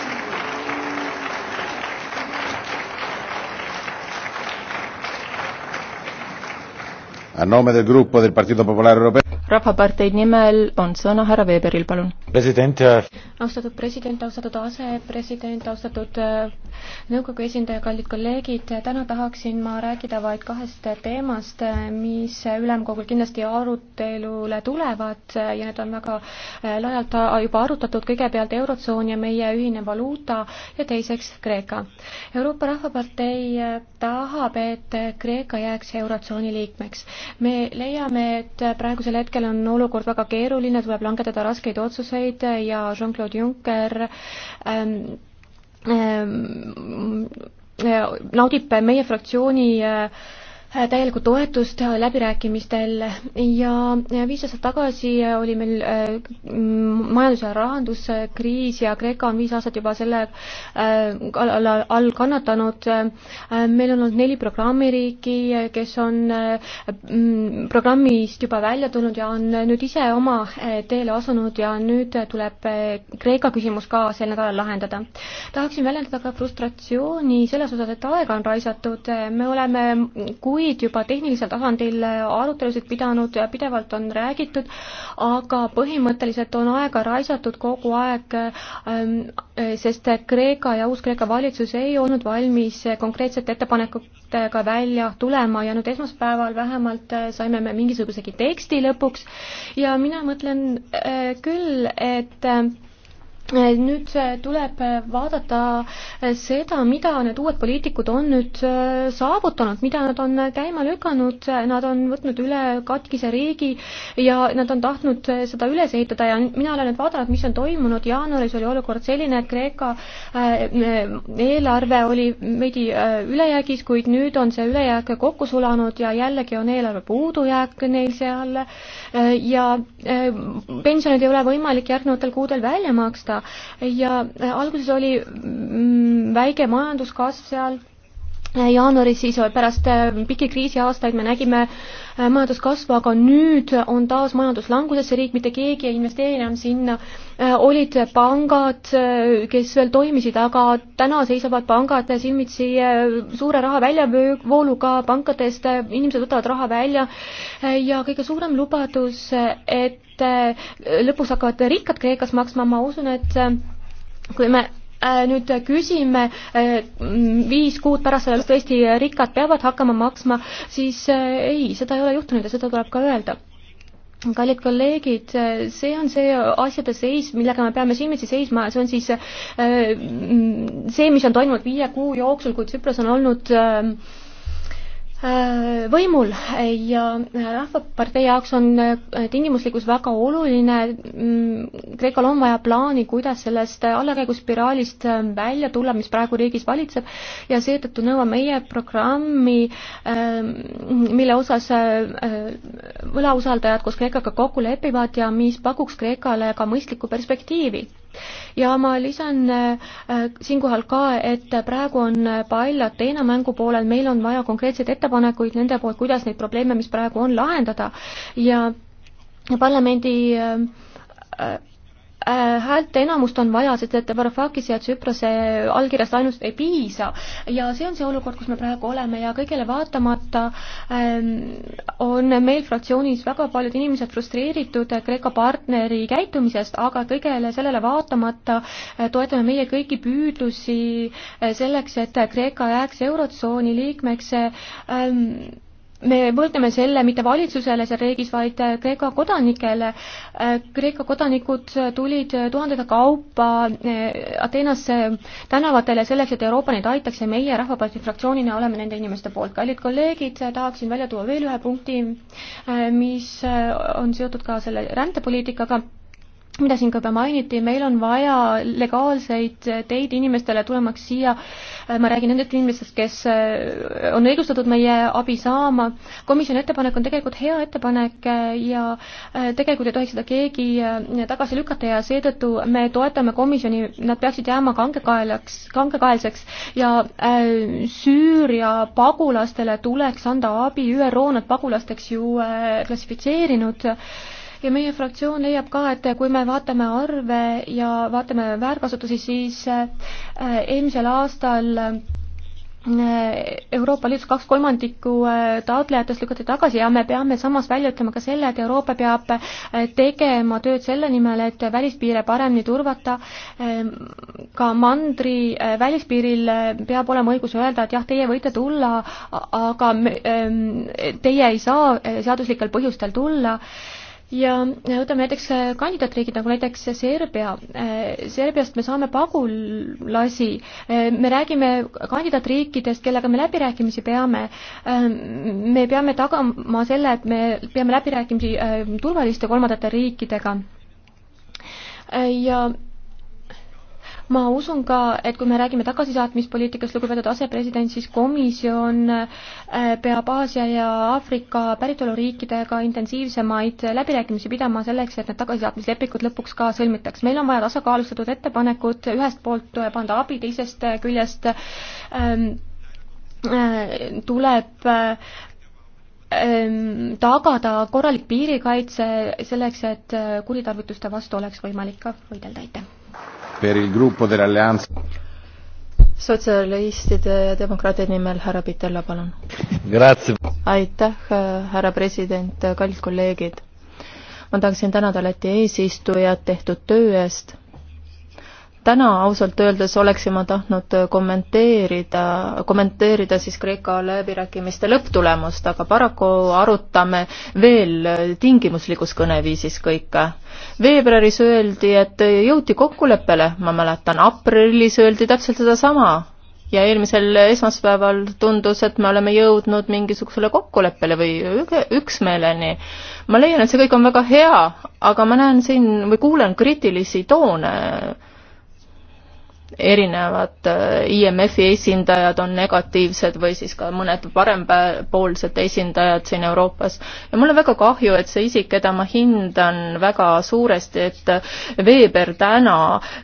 rahvapartei nimel on sõna härra Weberil, palun. president. Äh, austatud president, austatud asepresident, austatud äh, nõukogu esindaja, kallid kolleegid, täna tahaksin ma rääkida vaid kahest teemast, mis ülemkogul kindlasti arutelule tulevad ja need on väga äh, laialt juba arutatud, kõigepealt Eurotsoon ja meie ühine valuuta ja teiseks Kreeka. Euroopa Rahvapartei tahab, et Kreeka jääks Eurotsooni liikmeks me leiame, et praegusel hetkel on olukord väga keeruline, tuleb langetada raskeid otsuseid ja Jean-Claude Juncker ähm, ähm, naudib meie fraktsiooni äh, täielikku toetust läbirääkimistel ja viis aastat tagasi oli meil äh, majandus- ja rahanduskriis ja Kreeka on viis aastat juba selle äh, all kannatanud. Äh, meil on olnud neli programmiriiki, kes on mm, programmist juba välja tulnud ja on nüüd ise oma teele asunud ja nüüd tuleb Kreeka küsimus ka sel nädalal lahendada. tahaksin väljendada ka frustratsiooni selles osas, et aega on raisatud, me oleme kui kuid juba tehnilisel tasandil arutelusid pidanud ja pidevalt on räägitud, aga põhimõtteliselt on aega raisatud kogu aeg, ähm, sest Kreeka ja Uus-Kreeka valitsus ei olnud valmis konkreetsete ettepanekutega välja tulema ja nüüd esmaspäeval vähemalt äh, saime me mingisugusegi teksti lõpuks ja mina mõtlen äh, küll, et äh, Eh, nüüd eh, tuleb eh, vaadata seda, mida need uued poliitikud on nüüd saavutanud, mida nad on käima lükanud, nad on võtnud üle katkise riigi ja nad on tahtnud seda üles ehitada ja mina olen nüüd vaadanud, mis on toimunud, jaanuaris oli olukord selline, et Kreeka eelarve oli veidi ülejäägis, kuid nüüd on see ülejääk kokku sulanud ja jällegi on eelarve puudujääk neil seal ja pensionid ei ole võimalik järgnevatel kuudel välja maksta, ja alguses oli väike majanduskasv seal Äh, jaanuaris siis äh, pärast äh, pikki kriisiaastaid me nägime majanduskasvu, aga nüüd on taas majanduslanguses see riik, mitte keegi ei investeeri enam sinna. olid pangad, kes veel toimisid, aga täna seisavad pangad silmitsi suure raha väljavooluga pankadest, inimesed võtavad raha välja ja kõige suurem lubadus, et lõpuks hakkavad rikkad Kreekas maksma, ma usun, et kui me Äh, nüüd küsime äh, viis kuud pärast seda, kas tõesti rikkad peavad hakkama maksma, siis äh, ei, seda ei ole juhtunud ja seda tuleb ka öelda kallid kolleegid, see on see asjade seis, millega me peame silmitsi seisma, see on siis mm, see, mis on toimunud viie kuu jooksul, kui Tsüpras on olnud äh, Äh, võimul ja äh, Rahvapartei jaoks on äh, tingimuslikkus väga oluline, mm, Kreekal on vaja plaani, kuidas sellest allakäiguspiraalist välja tulla, mis praegu riigis valitseb, ja seetõttu nõuame meie programmi, ähm, mille osas võlausaldajad koos Kreekaga kokku lepivad ja mis pakuks Kreekale ka mõistlikku perspektiivi ja ma lisan äh, äh, siinkohal ka, et praegu on pall Ateena mängu poolel, meil on vaja konkreetseid ettepanekuid nende poolt, kuidas neid probleeme, mis praegu on, lahendada ja parlamendi äh, äh Äh, häälte enamust on vaja, sest et Varoufakis ja Tsüprose allkirjast ainult ei piisa. ja see on see olukord, kus me praegu oleme ja kõigele vaatamata ähm, on meil fraktsioonis väga paljud inimesed frustreeritud Kreeka partneri käitumisest, aga kõigele sellele vaatamata äh, toetame meie kõiki püüdlusi äh, selleks, et Kreeka jääks Eurotsooni liikmeks ähm, me võrdleme selle mitte valitsusele seal riigis, vaid äh, Kreeka kodanikele. Äh, Kreeka kodanikud tulid äh, tuhandete kaupa Ateenasse tänavatele selleks, et Euroopa neid aitaks ja meie Rahvapartei fraktsioonina oleme nende inimeste poolt. kallid kolleegid, tahaksin välja tuua veel ühe punkti, mis on seotud ka selle rändepoliitikaga mida siin ka juba mainiti, meil on vaja legaalseid teid inimestele tulemaks siia, ma räägin nendest inimestest, kes äh, on õigustatud meie abi saama, komisjoni ettepanek on tegelikult hea ettepanek ja äh, tegelikult ei tohiks seda keegi äh, tagasi lükata ja seetõttu me toetame komisjoni, nad peaksid jääma kangekaelaks, kangekaelseks ja äh, Süüria pagulastele tuleks anda abi, ÜRO on nad pagulasteks ju äh, klassifitseerinud äh,, ja meie fraktsioon leiab ka, et kui me vaatame arve ja vaatame väärkasutusi, siis äh, eelmisel aastal äh, Euroopa Liidus kaks kolmandikku äh, taotlejatest lükati tagasi ja me peame samas välja ütlema ka selle, et Euroopa peab tegema tööd selle nimel, et välispiire paremini turvata. Ähm, ka mandri välispiiril peab olema õigus öelda, et jah, teie võite tulla, aga ähm, teie ei saa seaduslikel põhjustel tulla ja võtame näiteks äh, kandidaatriigid nagu näiteks Serbia. Äh, Serbiast me saame pagulasi, äh, me räägime kandidaatriikidest, kellega me läbirääkimisi peame. me peame tagama selle, et me peame läbirääkimisi turvaliste kolmandate riikidega. ja ma usun ka, et kui me räägime tagasisaatmispoliitikast, lugupeetud asepresident, siis komisjon äh, peab Aasia ja Aafrika päritoluriikidega intensiivsemaid läbirääkimisi pidama selleks, et need tagasisaatmislepingud lõpuks ka sõlmitaks. meil on vaja tasakaalustatud ettepanekut, ühest poolt panda abi, teisest küljest ähm, äh, tuleb äh, tagada korralik piirikaitse selleks, et äh, kuritarvituste vastu oleks võimalik ka võidelda, aitäh! per il gruppo dell'alleanza sotsialistide ja demokraatide nimel härra Pitella, palun. aitäh, härra president, kallid kolleegid. ma tahaksin tänada Läti eesistujat tehtud töö eest täna ausalt öeldes oleksin ma tahtnud kommenteerida, kommenteerida siis Kreeka läbirääkimiste lõpptulemust, aga paraku arutame veel tingimuslikus kõneviisis kõike. veebruaris öeldi, et jõuti kokkuleppele, ma mäletan, aprillis öeldi täpselt sedasama ja eelmisel esmaspäeval tundus, et me oleme jõudnud mingisugusele kokkuleppele või üksmeeleni. ma leian, et see kõik on väga hea, aga ma näen siin või kuulen kriitilisi toone erinevad äh, IMF-i esindajad on negatiivsed või siis ka mõned parempoolsed esindajad siin Euroopas. ja mul on väga kahju, et see isik, keda ma hindan väga suuresti, et äh, Weber täna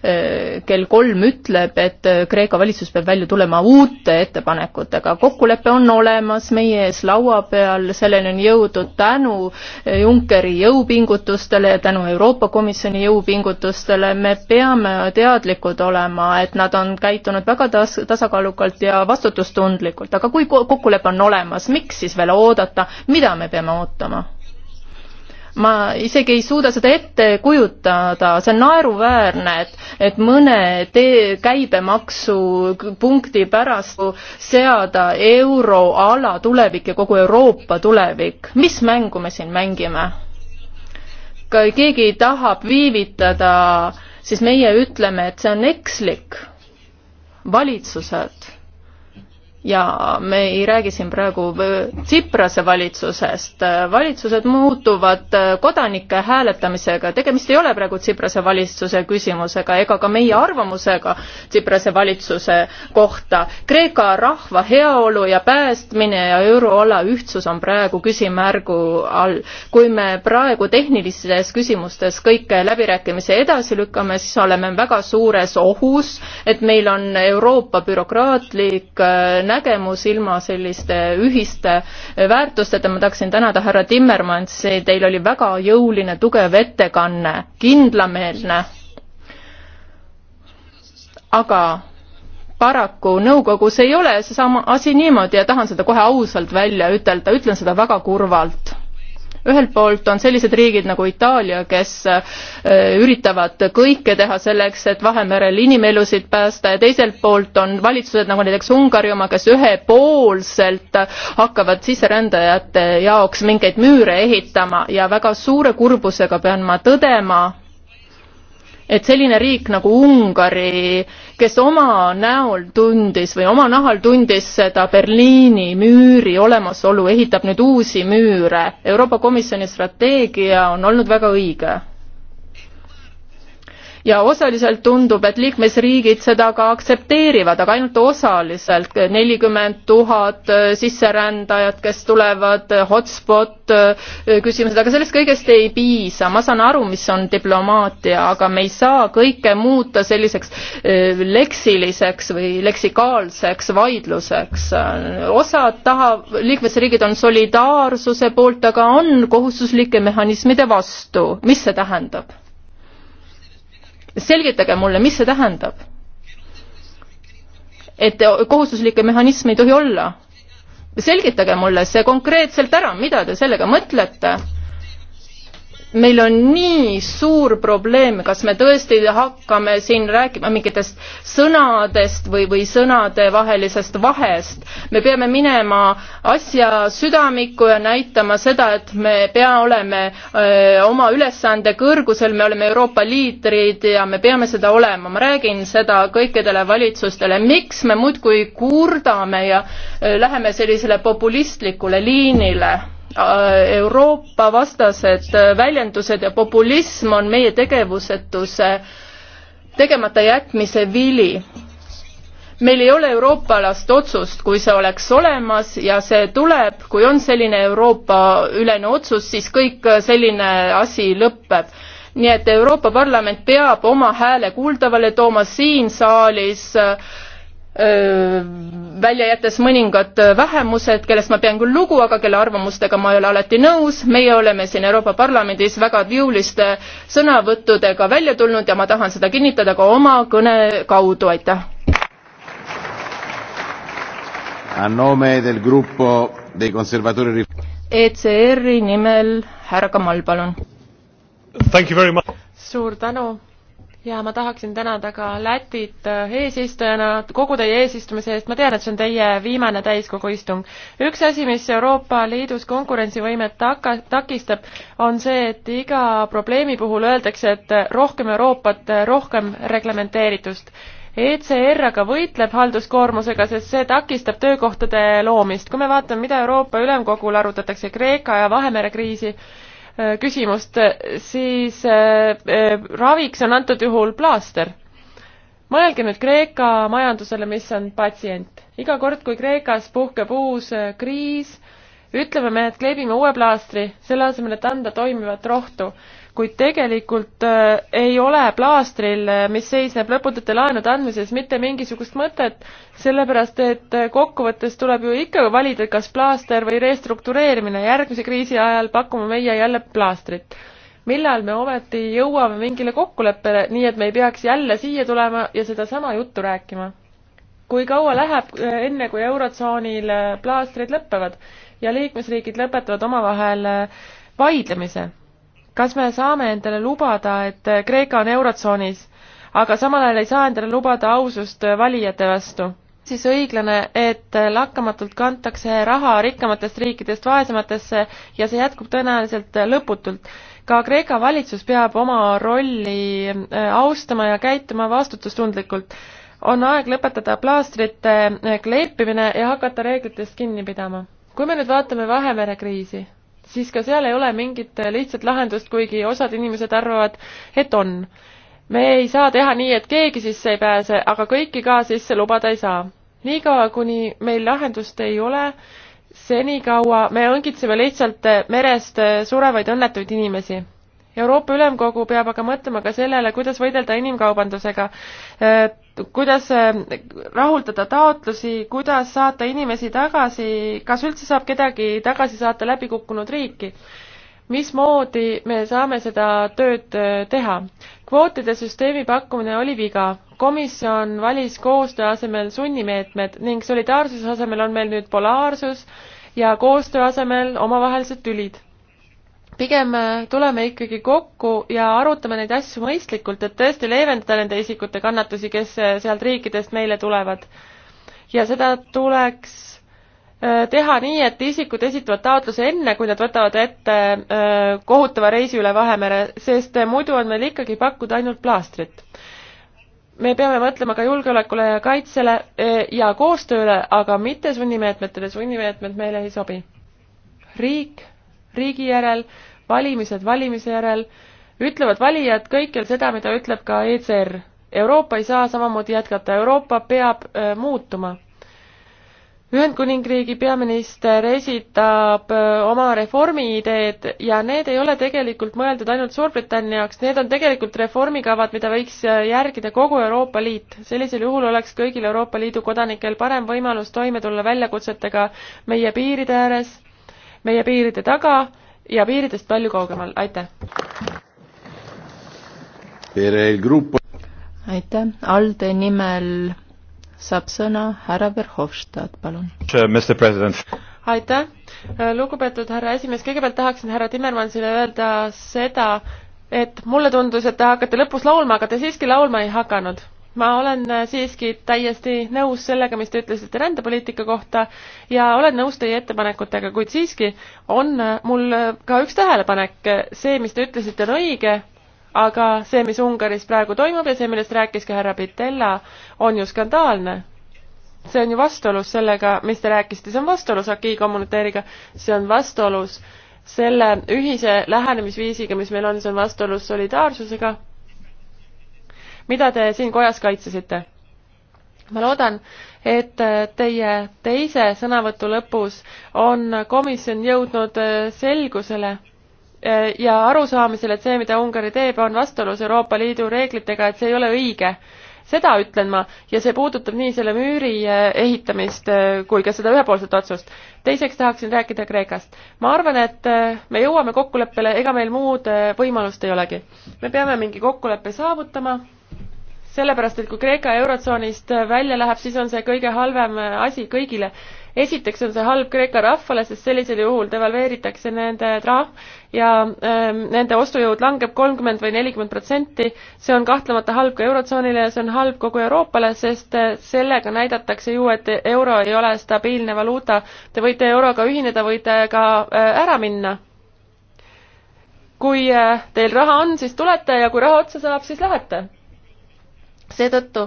äh, kell kolm ütleb, et Kreeka valitsus peab välja tulema uute ettepanekutega. kokkulepe on olemas meie ees laua peal, selleni on jõudnud tänu Junckeri jõupingutustele ja tänu Euroopa Komisjoni jõupingutustele. me peame teadlikud olema, et nad on käitunud väga tas-, tasakaalukalt ja vastutustundlikult, aga kui kokkulepe on olemas, miks siis veel oodata, mida me peame ootama? ma isegi ei suuda seda ette kujutada, see on naeruväärne, et, et mõne tee, käibemaksupunkti pärast seada euroala tulevik ja kogu Euroopa tulevik. mis mängu me siin mängime? keegi tahab viivitada äh, siis meie ütleme, et see on ekslik. valitsused ja me ei räägi siin praegu Tsiprase valitsusest, valitsused muutuvad kodanike hääletamisega, tegemist ei ole praegu Tsiprase valitsuse küsimusega ega ka meie arvamusega Tsiprase valitsuse kohta. Kreeka rahva heaolu ja päästmine ja euroala ühtsus on praegu küsimärgu all. kui me praegu tehnilistes küsimustes kõike läbirääkimise edasi lükkame, siis oleme väga suures ohus, et meil on Euroopa bürokraatlik äh, nägemus ilma selliste ühiste väärtusteta. ma tahaksin tänada härra Timmermansi, teil oli väga jõuline, tugev ettekanne, kindlameelne. aga paraku nõukogus ei ole seesama asi niimoodi ja tahan seda kohe ausalt välja ütelda, ütlen seda väga kurvalt ühelt poolt on sellised riigid nagu Itaalia, kes äh, üritavad kõike teha selleks, et Vahemerel inimelusid päästa ja teiselt poolt on valitsused nagu näiteks Ungari oma, kes ühepoolselt hakkavad sisserändajate jaoks mingeid müüre ehitama ja väga suure kurbusega pean ma tõdema, et selline riik nagu Ungari, kes oma näol tundis või oma nahal tundis seda Berliini müüri olemasolu, ehitab nüüd uusi müüre. Euroopa Komisjoni strateegia on olnud väga õige ja osaliselt tundub, et liikmesriigid seda ka aktsepteerivad, aga ainult osaliselt. nelikümmend tuhat äh, sisserändajat, kes tulevad, äh, hotspot äh, küsimused, aga sellest kõigest ei piisa. ma saan aru, mis on diplomaatia, aga me ei saa kõike muuta selliseks leksiliseks või leksikaalseks vaidluseks. osad tahavad, liikmesriigid on solidaarsuse poolt, aga on kohustuslike mehhanismide vastu. mis see tähendab? selgitage mulle, mis see tähendab? et kohustuslikke mehhanisme ei tohi olla? selgitage mulle see konkreetselt ära, mida te sellega mõtlete meil on nii suur probleem, kas me tõesti hakkame siin rääkima mingitest sõnadest või, või sõnadevahelisest vahest. me peame minema asja südamikku ja näitama seda, et me pea oleme öö, oma ülesande kõrgusel, me oleme Euroopa liidrid ja me peame seda olema. ma räägin seda kõikidele valitsustele, miks me muudkui kurdame ja öö, läheme sellisele populistlikule liinile Äh, Euroopa vastased äh, väljendused ja populism on meie tegevusetuse tegemata jätmise vili. meil ei ole euroopalast otsust, kui see oleks olemas ja see tuleb, kui on selline Euroopa-ülene otsus, siis kõik äh, selline asi lõpeb nii et Euroopa Parlament peab oma hääle kuuldavale tooma siin saalis äh, välja jättes mõningad vähemused, kellest ma pean küll lugu, aga kelle arvamustega ma ei ole alati nõus, meie oleme siin Euroopa Parlamendis väga jõuliste sõnavõttudega välja tulnud ja ma tahan seda kinnitada ka oma kõne kaudu, aitäh. ECR-i e nimel härra Kamal, palun. suur tänu ja ma tahaksin tänada ka Lätit äh, eesistujana kogu teie eesistumise eest, ma tean, et see on teie viimane täiskogu istung. üks asi, mis Euroopa Liidus konkurentsivõimet taka-, takistab, on see, et iga probleemi puhul öeldakse, et rohkem Euroopat, rohkem reglementeeritust. ECR aga võitleb halduskoormusega, sest see takistab töökohtade loomist. kui me vaatame, mida Euroopa Ülemkogul arutatakse Kreeka ja Vahemere kriisi, Äh, küsimust, siis äh, äh, raviks on antud juhul plaaster. mõelge nüüd Kreeka majandusele, mis on patsient. iga kord, kui Kreekas puhkeb uus kriis, ütleme me, et kleebime uue plaastri, selle asemel, et anda toimivat rohtu kuid tegelikult äh, ei ole plaastril, äh, mis seisneb lõputute laenude andmises, mitte mingisugust mõtet, sellepärast et äh, kokkuvõttes tuleb ju ikka valida, kas plaaster või restruktureerimine, järgmise kriisi ajal pakume meie jälle plaastrit. millal me ometi jõuame mingile kokkuleppele, nii et me ei peaks jälle siia tulema ja sedasama juttu rääkima? kui kaua läheb, äh, enne kui Eurotsoonil plaastrid lõpevad ja liikmesriigid lõpetavad omavahel vaidlemise? kas me saame endale lubada, et Kreeka on Eurotsoonis, aga samal ajal ei saa endale lubada ausust valijate vastu? siis õiglane, et lakkamatult kantakse raha rikkamatest riikidest vaesematesse ja see jätkub tõenäoliselt lõputult. ka Kreeka valitsus peab oma rolli äh, austama ja käituma vastutustundlikult on aeg lõpetada plaastrite kleepimine ja hakata reeglitest kinni pidama. kui me nüüd vaatame Vahemere kriisi, siis ka seal ei ole mingit lihtsat lahendust, kuigi osad inimesed arvavad, et on. me ei saa teha nii, et keegi sisse ei pääse, aga kõiki ka sisse lubada ei saa. niikaua, kuni meil lahendust ei ole, senikaua me õngitseme lihtsalt merest surevaid õnnetuid inimesi Euroopa Ülemkogu peab aga mõtlema ka sellele, kuidas võidelda inimkaubandusega, kuidas eh, rahuldada taotlusi, kuidas saata inimesi tagasi, kas üldse saab kedagi tagasi saata läbikukkunud riiki mismoodi me saame seda tööd eh, teha? kvootide süsteemi pakkumine oli viga. komisjon valis koostöö asemel sunnimeetmed ning solidaarsuse asemel on meil nüüd polaarsus ja koostöö asemel omavahelised tülid pigem äh, tuleme ikkagi kokku ja arutame neid asju mõistlikult, et tõesti leevendada nende isikute kannatusi, kes äh, sealt riikidest meile tulevad. ja seda tuleks äh, teha nii, et isikud esitavad taotluse enne, kui nad võtavad ette kohutava reisi üle Vahemere, sest muidu on meil ikkagi pakkuda ainult plaastrit me peame mõtlema ka julgeolekule ja kaitsele ja koostööle, aga mitte sunnimeetmetele, sunnimeetmed meile ei sobi. riik, riigi järel valimised valimise järel, ütlevad valijad kõikjal seda, mida ütleb ka ECR. Euroopa ei saa samamoodi jätkata, Euroopa peab öö, äh, muutuma. Ühendkuningriigi peaminister esitab öö, äh, oma reformiideed ja need ei ole tegelikult mõeldud ainult Suurbritannia jaoks, need on tegelikult reformikavad, mida võiks äh, järgida kogu Euroopa Liit. sellisel juhul oleks kõigil Euroopa Liidu kodanikel parem võimalus toime tulla väljakutsetega meie piiride ääres, meie piiride taga ja piiridest palju kaugemal, aitäh! aitäh, ALDE nimel saab sõna härra Verhofstadt, palun. aitäh, lugupeetud härra esimees, kõigepealt tahaksin härra Timmermansile öelda seda, et mulle tundus, et te hakkate lõpus laulma, aga te siiski laulma ei hakanud ma olen äh, siiski täiesti nõus sellega, mis te ütlesite rändepoliitika kohta ja olen nõus teie ettepanekutega, kuid siiski on äh, mul äh, ka üks tähelepanek. see, mis te ütlesite, on õige, aga see, mis Ungaris praegu toimub ja see, millest rääkis ka härra Pitella, on ju skandaalne. see on ju vastuolus sellega, mis te rääkisite, see on vastuolus Aki kommuniteeriga, see on vastuolus selle ühise lähenemisviisiga, mis meil on, see on vastuolus solidaarsusega mida te siin kojas kaitsesite. ma loodan, et teie teise sõnavõtu lõpus on komisjon jõudnud selgusele e, ja arusaamisele, et see, mida Ungari teeb, on vastuolus Euroopa Liidu reeglitega, et see ei ole õige. seda ütlen ma ja see puudutab nii selle müüri e, ehitamist e, kui ka seda ühepoolset otsust. teiseks tahaksin rääkida Kreekast. ma arvan, et me jõuame kokkuleppele, ega meil muud võimalust ei olegi. me peame mingi kokkuleppe saavutama sellepärast, et kui Kreeka Eurotsoonist välja läheb, siis on see kõige halvem asi kõigile. esiteks on see halb Kreeka rahvale, sest sellisel juhul devalveeritakse nende trahv ja ähm, nende ostujõud langeb kolmkümmend või nelikümmend protsenti. see on kahtlemata halb ka Eurotsoonile ja see on halb kogu Euroopale, sest äh, sellega näidatakse ju, et euro ei ole stabiilne valuuta. Te võite euroga ühineda, võite ka äh, ära minna kui äh, teil raha on, siis tulete ja kui raha otsa saab, siis lähete seetõttu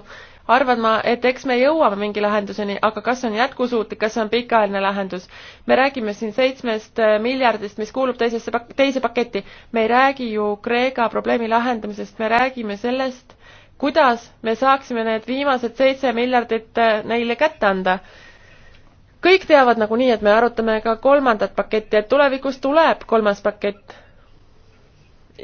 arvan ma, et eks me jõuame mingi lahenduseni, aga kas see on jätkusuutlik, kas see on pikaajaline lahendus? me räägime siin seitsmest äh, miljardist, mis kuulub teisesse, teise paketti. me ei räägi ju Kreeka probleemi lahendamisest, me räägime sellest, kuidas me saaksime need viimased seitse miljardit äh, neile kätte anda kõik teavad nagunii, et me arutame ka kolmandat paketti, et tulevikus tuleb kolmas pakett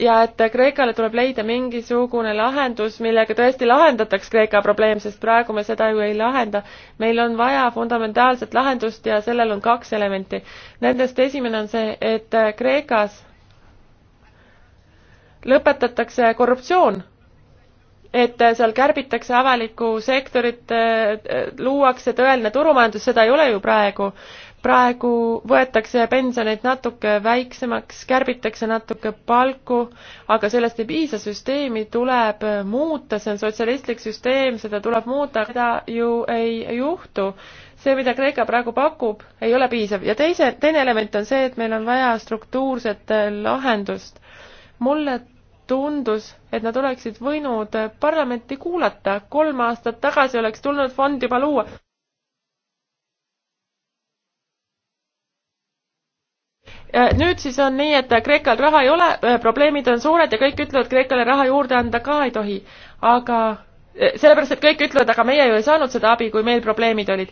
ja et Kreekale tuleb leida mingisugune lahendus, millega tõesti lahendataks Kreeka probleem, sest praegu me seda ju ei lahenda. meil on vaja fundamentaalset lahendust ja sellel on kaks elementi. Nendest esimene on see, et Kreekas lõpetatakse korruptsioon, et seal kärbitakse avalikku sektorit, luuakse tõeline turumajandus, seda ei ole ju praegu praegu võetakse pensioneid natuke väiksemaks, kärbitakse natuke palku, aga sellest ei piisa, süsteemi tuleb muuta, see on sotsialistlik süsteem, seda tuleb muuta, seda ju ei juhtu. see, mida Kreeka praegu pakub, ei ole piisav ja teise, teine element on see, et meil on vaja struktuurset lahendust. mulle tundus, et nad oleksid võinud parlamenti kuulata, kolm aastat tagasi oleks tulnud fond juba luua Äh, nüüd siis on nii, et äh, Kreekal raha ei ole, äh, probleemid on suured ja kõik ütlevad, Kreekale raha juurde anda ka ei tohi. aga sellepärast, et kõik ütlevad, aga meie ju ei saanud seda abi, kui meil probleemid olid.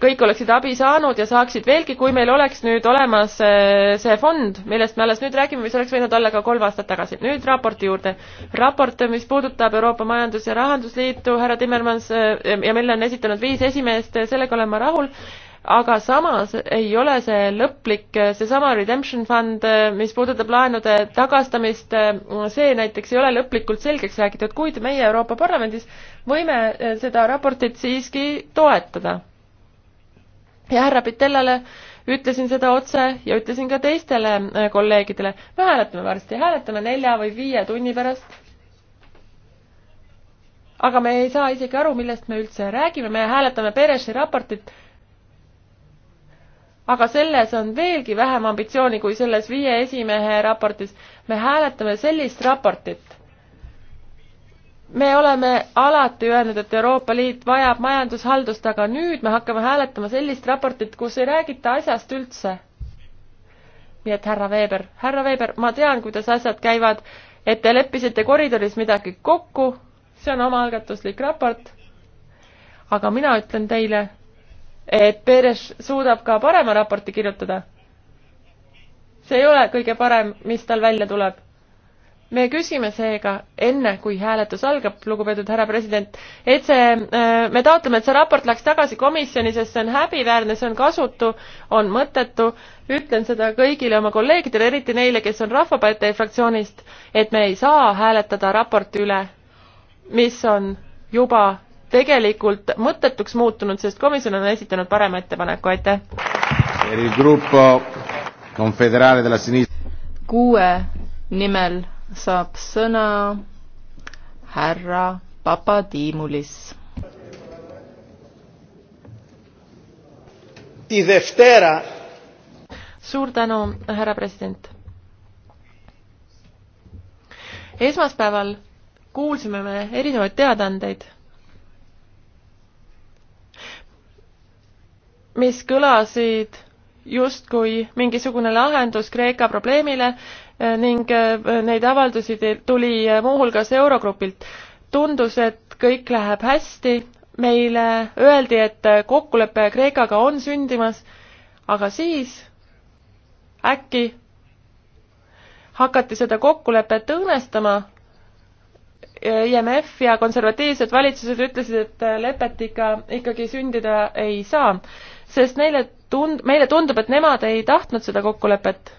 kõik oleksid abi saanud ja saaksid veelgi, kui meil oleks nüüd olemas see fond, millest me alles nüüd räägime, mis oleks võinud olla ka kolm aastat tagasi. nüüd raporti juurde. raport, mis puudutab Euroopa Majandus- ja Rahandusliitu, härra Timmermans, ja mille on esitanud viis esimeest, sellega olen ma rahul aga samas ei ole see lõplik, seesama redemption fund, mis puudutab laenude tagastamist, see näiteks ei ole lõplikult selgeks räägitud, kuid meie Euroopa Parlamendis võime eh, seda raportit siiski toetada. ja härra Pitellale ütlesin seda otse ja ütlesin ka teistele eh, kolleegidele, me hääletame varsti, hääletame nelja või viie tunni pärast aga me ei saa isegi aru, millest me üldse räägime, me hääletame Peresi raportit aga selles on veelgi vähem ambitsiooni kui selles viie esimehe raportis. me hääletame sellist raportit. me oleme alati öelnud, et Euroopa Liit vajab majandushaldust, aga nüüd me hakkame hääletama sellist raportit, kus ei räägita asjast üldse. nii et härra Weber, härra Weber, ma tean, kuidas asjad käivad, et te leppisite koridoris midagi kokku, see on omaalgatuslik raport, aga mina ütlen teile, et Peres suudab ka parema raporti kirjutada. see ei ole kõige parem, mis tal välja tuleb. me küsime seega enne, kui hääletus algab, lugupeetud härra president, et see, äh, me taotleme, et see raport läheks tagasi komisjoni, sest see on häbiväärne, see on kasutu, on mõttetu. ütlen seda kõigile oma kolleegidele, eriti neile, kes on Rahvapartei fraktsioonist, et me ei saa hääletada raporti üle, mis on juba tegelikult mõttetuks muutunud, sest komisjon on esitanud parema ettepaneku, aitäh. kuue nimel saab sõna härra Papadimulis. suur tänu, härra president. esmaspäeval kuulsime me erinevaid teadaandeid mis kõlasid justkui mingisugune lahendus Kreeka probleemile eh, ning eh, neid avaldusi tuli eh, muuhulgas Eurogrupilt. tundus, et kõik läheb hästi, meile öeldi, et kokkulepe Kreekaga on sündimas, aga siis äkki hakati seda kokkulepet õõnestama. IMF e ja konservatiivsed valitsused ütlesid, et lepet ikka, ikkagi sündida ei saa sest neile tund-, meile tundub, et nemad ei tahtnud seda kokkulepet.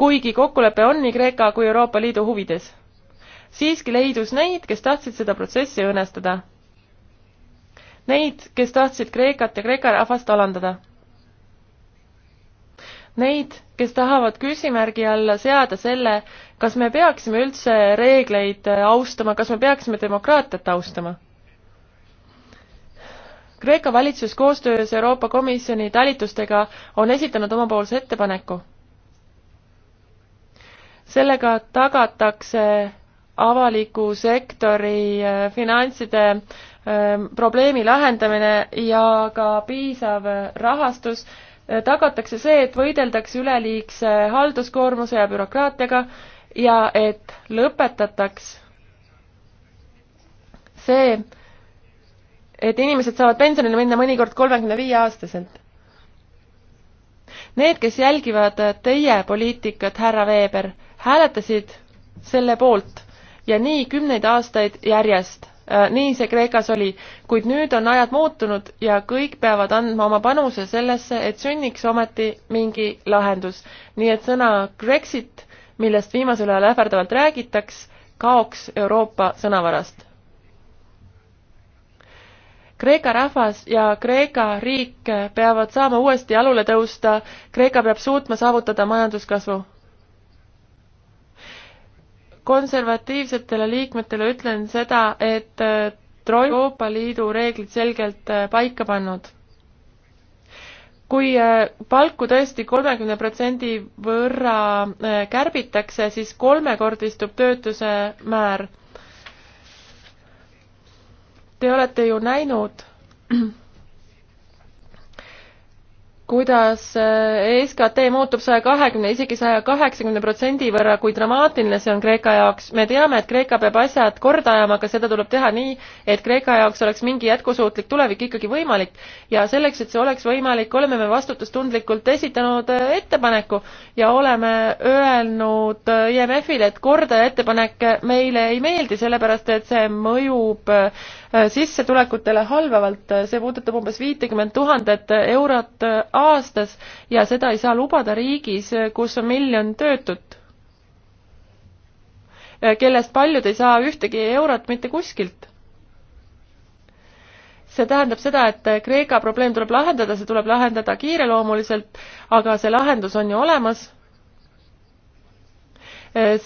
kuigi kokkulepe on nii Kreeka kui Euroopa Liidu huvides. siiski leidus neid, kes tahtsid seda protsessi õõnestada. Neid, kes tahtsid Kreekat ja Kreeka rahvast alandada. Neid, kes tahavad küsimärgi alla seada selle, kas me peaksime üldse reegleid austama, kas me peaksime demokraatiat austama Kreeka valitsus koostöös Euroopa Komisjoni talitustega on esitanud omapoolse ettepaneku. sellega tagatakse avaliku sektori äh, finantside äh, probleemi lahendamine ja ka piisav rahastus, äh, tagatakse see, et võideldakse üleliigse halduskoormuse ja bürokraatiaga ja et lõpetataks see, et inimesed saavad pensionile minna mõnikord kolmekümne viie aastaselt. Need, kes jälgivad teie poliitikat, härra Weber, hääletasid selle poolt ja nii kümneid aastaid järjest. Äh, nii see Kreekas oli, kuid nüüd on ajad muutunud ja kõik peavad andma oma panuse sellesse, et sünniks ometi mingi lahendus. nii et sõna Brexit, millest viimasel ajal ähvardavalt räägitaks, kaoks Euroopa sõnavarast Kreeka rahvas ja Kreeka riik peavad saama uuesti jalule tõusta, Kreeka peab suutma saavutada majanduskasvu. konservatiivsetele liikmetele ütlen seda, et äh, Euroopa Liidu reeglid selgelt äh, paika pannud kui äh, palku tõesti kolmekümne protsendi võrra kärbitakse, siis kolmekordistub töötuse määr Te olete ju näinud, kuidas äh, SKT muutub saja kahekümne, isegi saja kaheksakümne protsendi võrra, kui dramaatiline see on Kreeka jaoks. me teame, et Kreeka peab asjad korda ajama, aga seda tuleb teha nii, et Kreeka jaoks oleks mingi jätkusuutlik tulevik ikkagi võimalik. ja selleks, et see oleks võimalik, oleme me vastutustundlikult esitanud äh, ettepaneku ja oleme öelnud äh, IMF-ile, et kordaja ettepanek meile ei meeldi, sellepärast et see mõjub äh, Äh, sissetulekutele halvavalt, see puudutab umbes viitekümmet tuhandet eurot äh, aastas ja seda ei saa lubada riigis, äh, kus on miljon töötut, kellest paljud ei saa ühtegi eurot mitte kuskilt see tähendab seda, et Kreeka probleem tuleb lahendada, see tuleb lahendada kiireloomuliselt, aga see lahendus on ju olemas.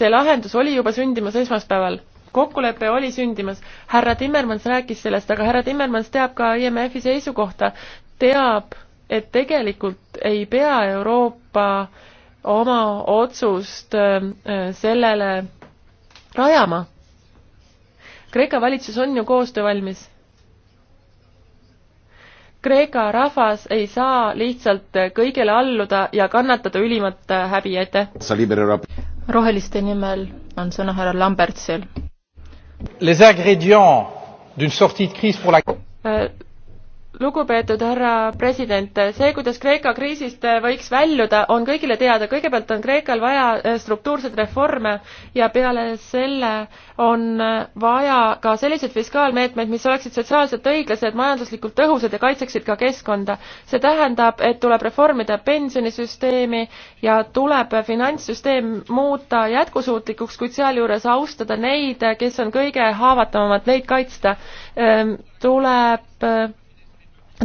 see lahendus oli juba sündimas esmaspäeval kokkulepe oli sündimas. härra Timmermans rääkis sellest, aga härra Timmermans teab ka IMF-i seisukohta, teab, et tegelikult ei pea Euroopa oma otsust äh, sellele rajama. Kreeka valitsus on ju koostöövalmis Kreeka rahvas ei saa lihtsalt kõigele alluda ja kannatada ülimat häbi, aitäh! roheliste nimel on sõna härra Lambertsil Les ingrédients d'une sortie de crise pour la euh, lugupeetud härra president, see, kuidas Kreeka kriisist võiks väljuda, on kõigile teada. kõigepealt on Kreekal vaja eh, struktuurseid reforme ja peale selle on eh, vaja ka selliseid fiskaalmeetmeid, mis oleksid sotsiaalselt õiglased, majanduslikult tõhusad ja kaitseksid ka keskkonda. see tähendab, et tuleb reformida pensionisüsteemi ja tuleb finantssüsteem muuta jätkusuutlikuks, kuid sealjuures austada neid, kes on kõige haavatavamad, neid kaitsta. Ehm, tuleb eh,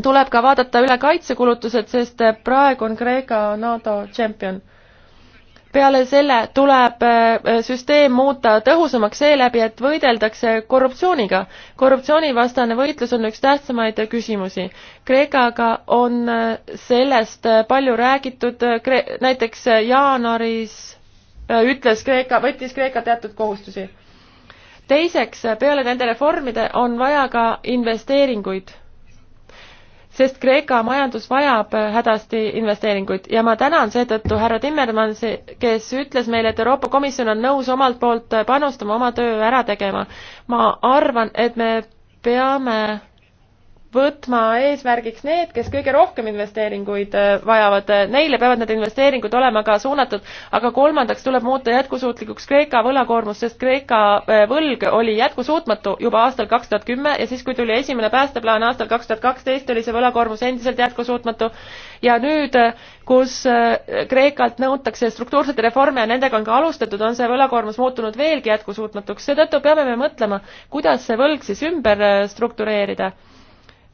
tuleb ka vaadata üle kaitsekulutused, sest praegu on Kreeka NATO tšempion. peale selle tuleb äh, süsteem muuta tõhusamaks seeläbi, et võideldakse korruptsiooniga. korruptsioonivastane võitlus on üks tähtsamaid küsimusi. Kreekaga on äh, sellest äh, palju räägitud, näiteks jaanuaris ütles Kreeka, võttis Kreeka teatud kohustusi. teiseks, peale nende reformide on vaja ka investeeringuid sest Kreeka majandus vajab äh, hädasti investeeringuid ja ma tänan seetõttu härra Timmermansi, kes ütles meile, et Euroopa Komisjon on nõus omalt poolt äh, panustama, oma töö ära tegema. ma arvan, et me peame võtma eesmärgiks need, kes kõige rohkem investeeringuid äh, vajavad, neile peavad need investeeringud olema ka suunatud, aga kolmandaks tuleb muuta jätkusuutlikuks Kreeka võlakoormus, sest Kreeka äh, võlg oli jätkusuutmatu juba aastal kaks tuhat kümme ja siis, kui tuli esimene päästeplaan aastal kaks tuhat kaksteist, oli see võlakoormus endiselt jätkusuutmatu ja nüüd, äh, kus Kreekalt nõutakse struktuursete reforme ja nendega on ka alustatud, on see võlakoormus muutunud veelgi jätkusuutmatuks, seetõttu peame me mõtlema, kuidas see võlg siis ümber struktureerida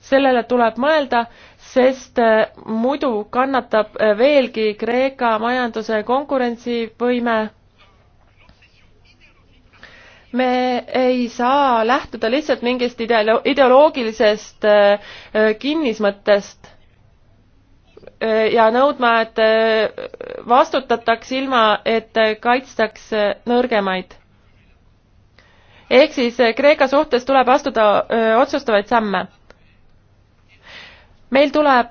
sellele tuleb mõelda, sest äh, muidu kannatab äh, veelgi Kreeka majanduse konkurentsivõime. me ei saa lähtuda lihtsalt mingist ideolo-, ideoloogilisest äh, kinnismõttest ja nõudma, et vastutataks ilma, et kaitstaks nõrgemaid. ehk siis Kreeka suhtes tuleb astuda öö, otsustavaid samme meil tuleb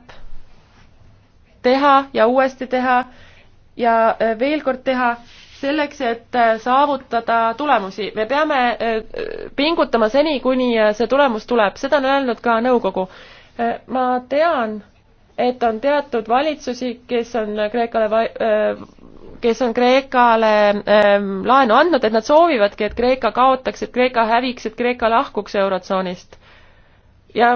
teha ja uuesti teha ja äh, veel kord teha selleks, et äh, saavutada tulemusi. me peame äh, pingutama seni, kuni see tulemus tuleb, seda on öelnud ka nõukogu. ma tean, et on teatud valitsusi, kes on Kreekale, kes on Kreekale ähm, laenu andnud, et nad soovivadki, et Kreeka kaotaks, et Kreeka häviks, et Kreeka lahkuks Eurotsoonist. ja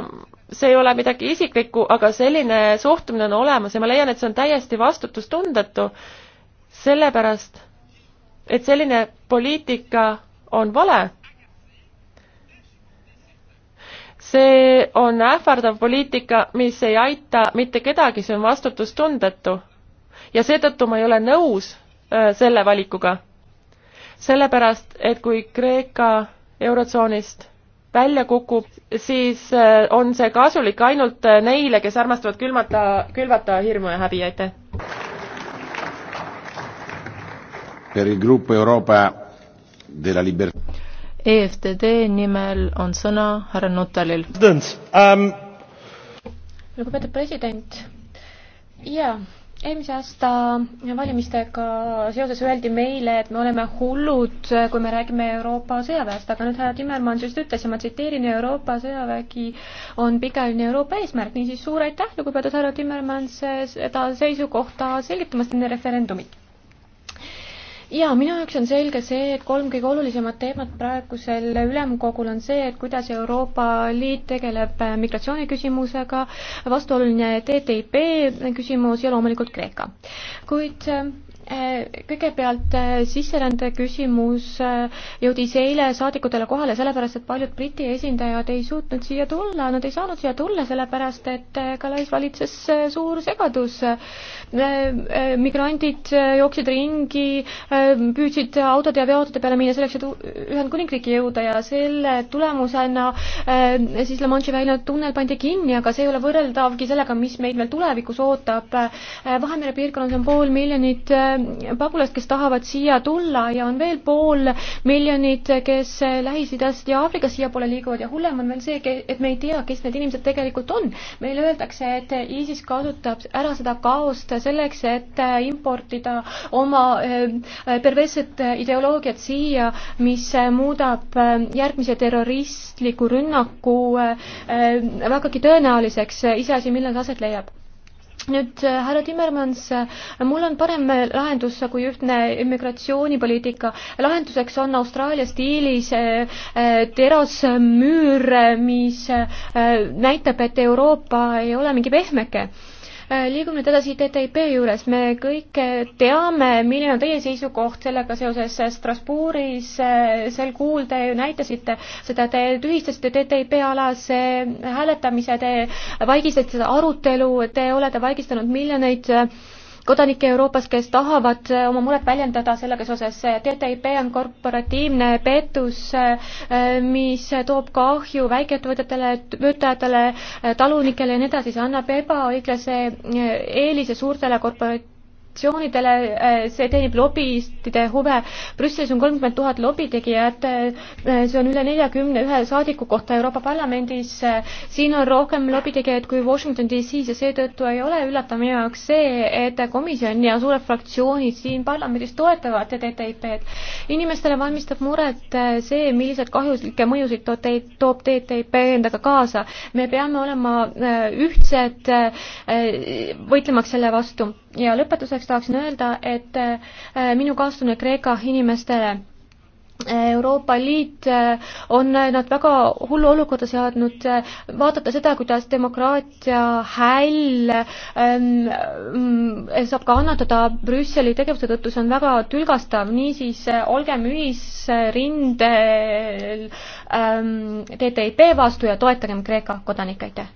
see ei ole midagi isiklikku, aga selline suhtumine on olemas ja ma leian, et see on täiesti vastutustundetu, sellepärast et selline poliitika on vale. see on ähvardav poliitika, mis ei aita mitte kedagi, see on vastutustundetu. ja seetõttu ma ei ole nõus äh, selle valikuga. sellepärast, et kui Kreeka eurotsoonist välja kukub, siis äh, on see kasulik ainult äh, neile, kes armastavad külmata, külvata hirmu ja häbi, aitäh. EFTD e nimel on sõna härra Nutalil. Um, lugupeetud president, jaa eelmise aasta valimistega seoses öeldi meile, et me oleme hullud, kui me räägime Euroopa sõjaväest, aga nüüd härra Timmermann just ütles ja ma tsiteerin, Euroopa sõjavägi on pikaajaline Euroopa eesmärk, niisiis suur aitäh, lugupeetud härra Timmermann, seda seisukohta selgitamast enne referendumit jaa, minu jaoks on selge see, et kolm kõige olulisemat teemat praegusel ülemkogul on see, et kuidas Euroopa Liit tegeleb äh, migratsiooniküsimusega, vastuoluline TTIP küsimus ja loomulikult Kreeka. kuid äh, kõigepealt äh, sisserände küsimus jõudis eile saadikutele kohale, sellepärast et paljud Briti esindajad ei suutnud siia tulla, nad ei saanud siia tulla, sellepärast et Calais valitses suur segadus Äh, äh, migrandid äh, jooksid ringi, püüdsid autode ja veoautode peale minna selleks, et Ühendkuningriiki jõuda ja selle tulemusena siis La Manche'i välja tunnel pandi kinni, aga see ei ole võrreldavgi sellega, mis meid veel tulevikus ootab. Vahemere piirkonnas on pool miljonit pagulast, kes tahavad siia tulla ja on veel pool miljonit, kes Lähis-Idast ja Aafrikast siiapoole liiguvad ja hullem on veel see, et me ei tea, kes need inimesed tegelikult on. meile öeldakse, et ISIS kasutab ära seda kaost selleks, et äh, importida oma äh, perversset ideoloogiat siia, mis äh, muudab järgmise terroristliku rünnaku vägagi tõenäoliseks, iseasi, millal see aset leiab nüüd härra Timmermans, mul on parem lahendus kui ühtne immigratsioonipoliitika. lahenduseks on Austraalia stiilis terasmüür, mis näitab, et Euroopa ei ole mingi pehmeke Äh, liigume nüüd edasi TTIP juures, me kõik äh, teame, milline on teie seisukoht sellega seoses Strasbourgis äh, sel kuul te ju näitasite seda, te tühistasite TTIP alase hääletamise, te vaigistasite seda arutelu, te olete vaigistanud miljoneid kodanikke Euroopas, kes tahavad eh, oma muret väljendada sellega seoses. TTIP on korporatiivne pettus, eh, mis toob kahju väikeettevõtetele, töötajatele, eh, talunikele ja nii edasi, see annab ebaõiglase eelise suurtele korpora-, sanktsioonidele, äh, see teenib lobistide huve. Brüsselis on kolmkümmend tuhat lobitegijat, äh, see on üle neljakümne ühe saadiku kohta Euroopa Parlamendis. siin on rohkem lobitegijaid kui Washington DC-s ja seetõttu ei ole üllatav minu jaoks see, et komisjon ja suured fraktsioonid siin parlamendis toetavad TTIP-d. inimestele valmistab muret äh, see, millised kahjulikke mõjusid toob TTIP endaga kaasa. me peame olema ühtsed võitlemaks selle vastu ja lõpetuseks tahaksin öelda, et äh, minu kaastunne Kreeka inimestele Euroopa Liit äh, on nad väga hullu olukorda seadnud, vaadata seda, kuidas demokraatia häll ähm, äh, saab kannatada Brüsseli tegevuse tõttu, see on väga tülgastav, niisiis olgem ühisrindel ähm, TTIP vastu ja toetagem Kreeka kodanikke, aitäh!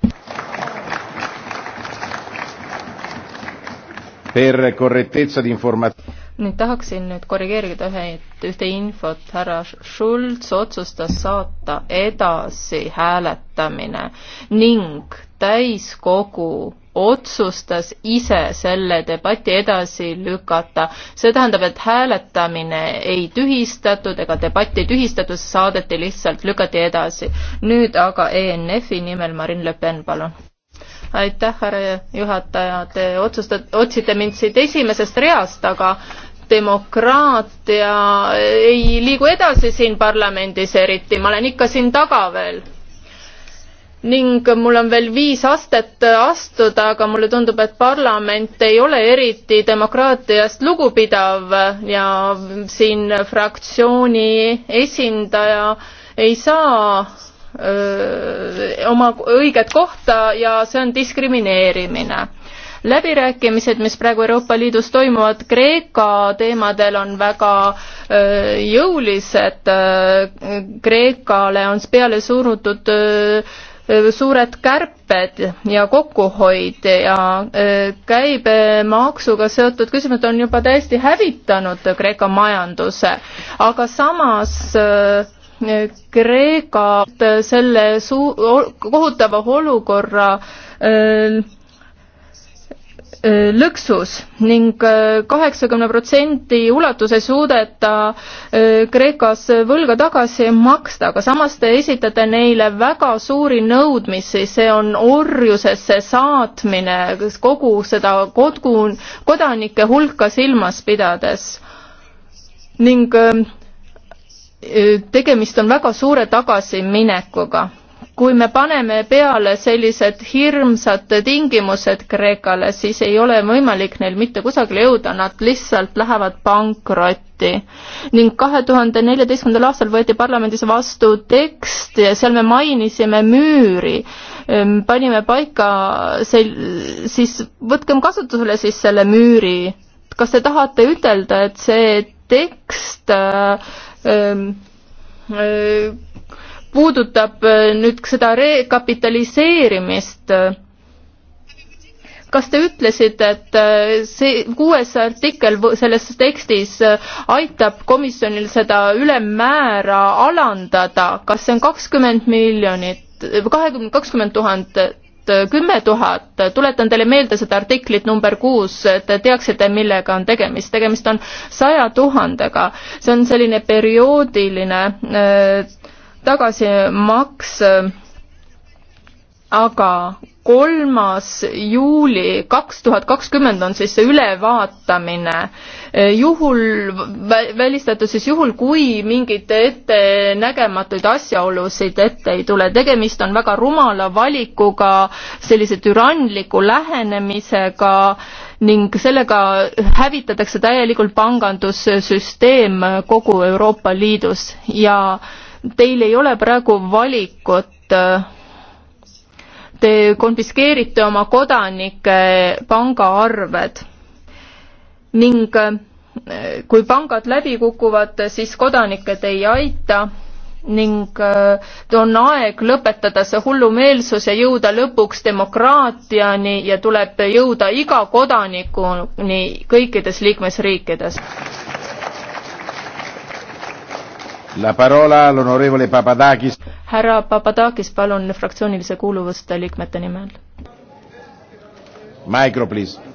per correttezza di informazione. nüüd tahaksin nüüd korrigeerida ühe, ühte infot, härra Schulz otsustas saata edasi hääletamine ning täiskogu otsustas ise selle debati edasi lükata. see tähendab, et hääletamine ei tühistatud ega debatti ei tühistatud, saadeti lihtsalt, lükati edasi. nüüd aga ENF-i nimel Marine Le Pen, palun aitäh, härra juhataja, te otsustate, otsite mind siit esimesest reast, aga demokraatia ei liigu edasi siin parlamendis eriti, ma olen ikka siin taga veel. ning mul on veel viis astet astuda, aga mulle tundub, et parlament ei ole eriti demokraatiast lugupidav ja siin fraktsiooni esindaja ei saa öö, oma õiget kohta ja see on diskrimineerimine. läbirääkimised, mis praegu Euroopa Liidus toimuvad Kreeka teemadel, on väga öö, jõulised. Kreekale on peale surutud öö, suured kärped ja kokkuhoid ja käibemaksuga seotud küsimused on juba täiesti hävitanud Kreeka majanduse, aga samas Kreeka selle suu-, kohutava olukorra lõksus ning kaheksakümne protsendi ulatuses suudeta Kreekas võlga tagasi maksta, aga samas te esitate neile väga suuri nõudmisi, see on orjusesse saatmine, kogu seda kodu, kodanike hulka silmas pidades. ning tegemist on väga suure tagasiminekuga. kui me paneme peale sellised hirmsad tingimused Kreekale, siis ei ole võimalik neil mitte kusagile jõuda, nad lihtsalt lähevad pankrotti. ning kahe tuhande neljateistkümnendal aastal võeti parlamendis vastu tekst ja seal me mainisime müüri, panime paika sel-, siis võtkem kasutusele siis selle müüri. kas te tahate ütelda, et see tekst äh, Ehm, ehm, puudutab eh, nüüd seda rekapitaliseerimist, kas te ütlesite, et eh, see kuues artikkel selles tekstis eh, aitab komisjonil seda ülemmäära alandada, kas see on kakskümmend miljonit, kahekümne, kakskümmend tuhat tuhat, äh, kümme tuhat, tuletan teile meelde seda artiklit number kuus, et te teaksite, millega on tegemist, tegemist on saja tuhandega, see on selline perioodiline äh, tagasimaks, aga kolmas juuli kaks tuhat kakskümmend on siis see ülevaatamine. juhul, välistatud siis juhul, kui mingeid ettenägematuid asjaolusid ette ei tule. tegemist on väga rumala valikuga, sellise türanliku lähenemisega ning sellega hävitatakse täielikult pangandussüsteem kogu Euroopa Liidus ja teil ei ole praegu valikut te konfiskeerite oma kodanike pangaarved ning eh, kui pangad läbi kukuvad, siis kodanikud ei aita ning eh, on aeg lõpetada see hullumeelsus ja jõuda lõpuks demokraatiani ja tuleb jõuda iga kodanikuni kõikides liikmesriikides. La parola all'onorevole Papadakis. härra Papadakis, palun fraktsioonilise kuuluvuste liikmete nimel. Micro, please.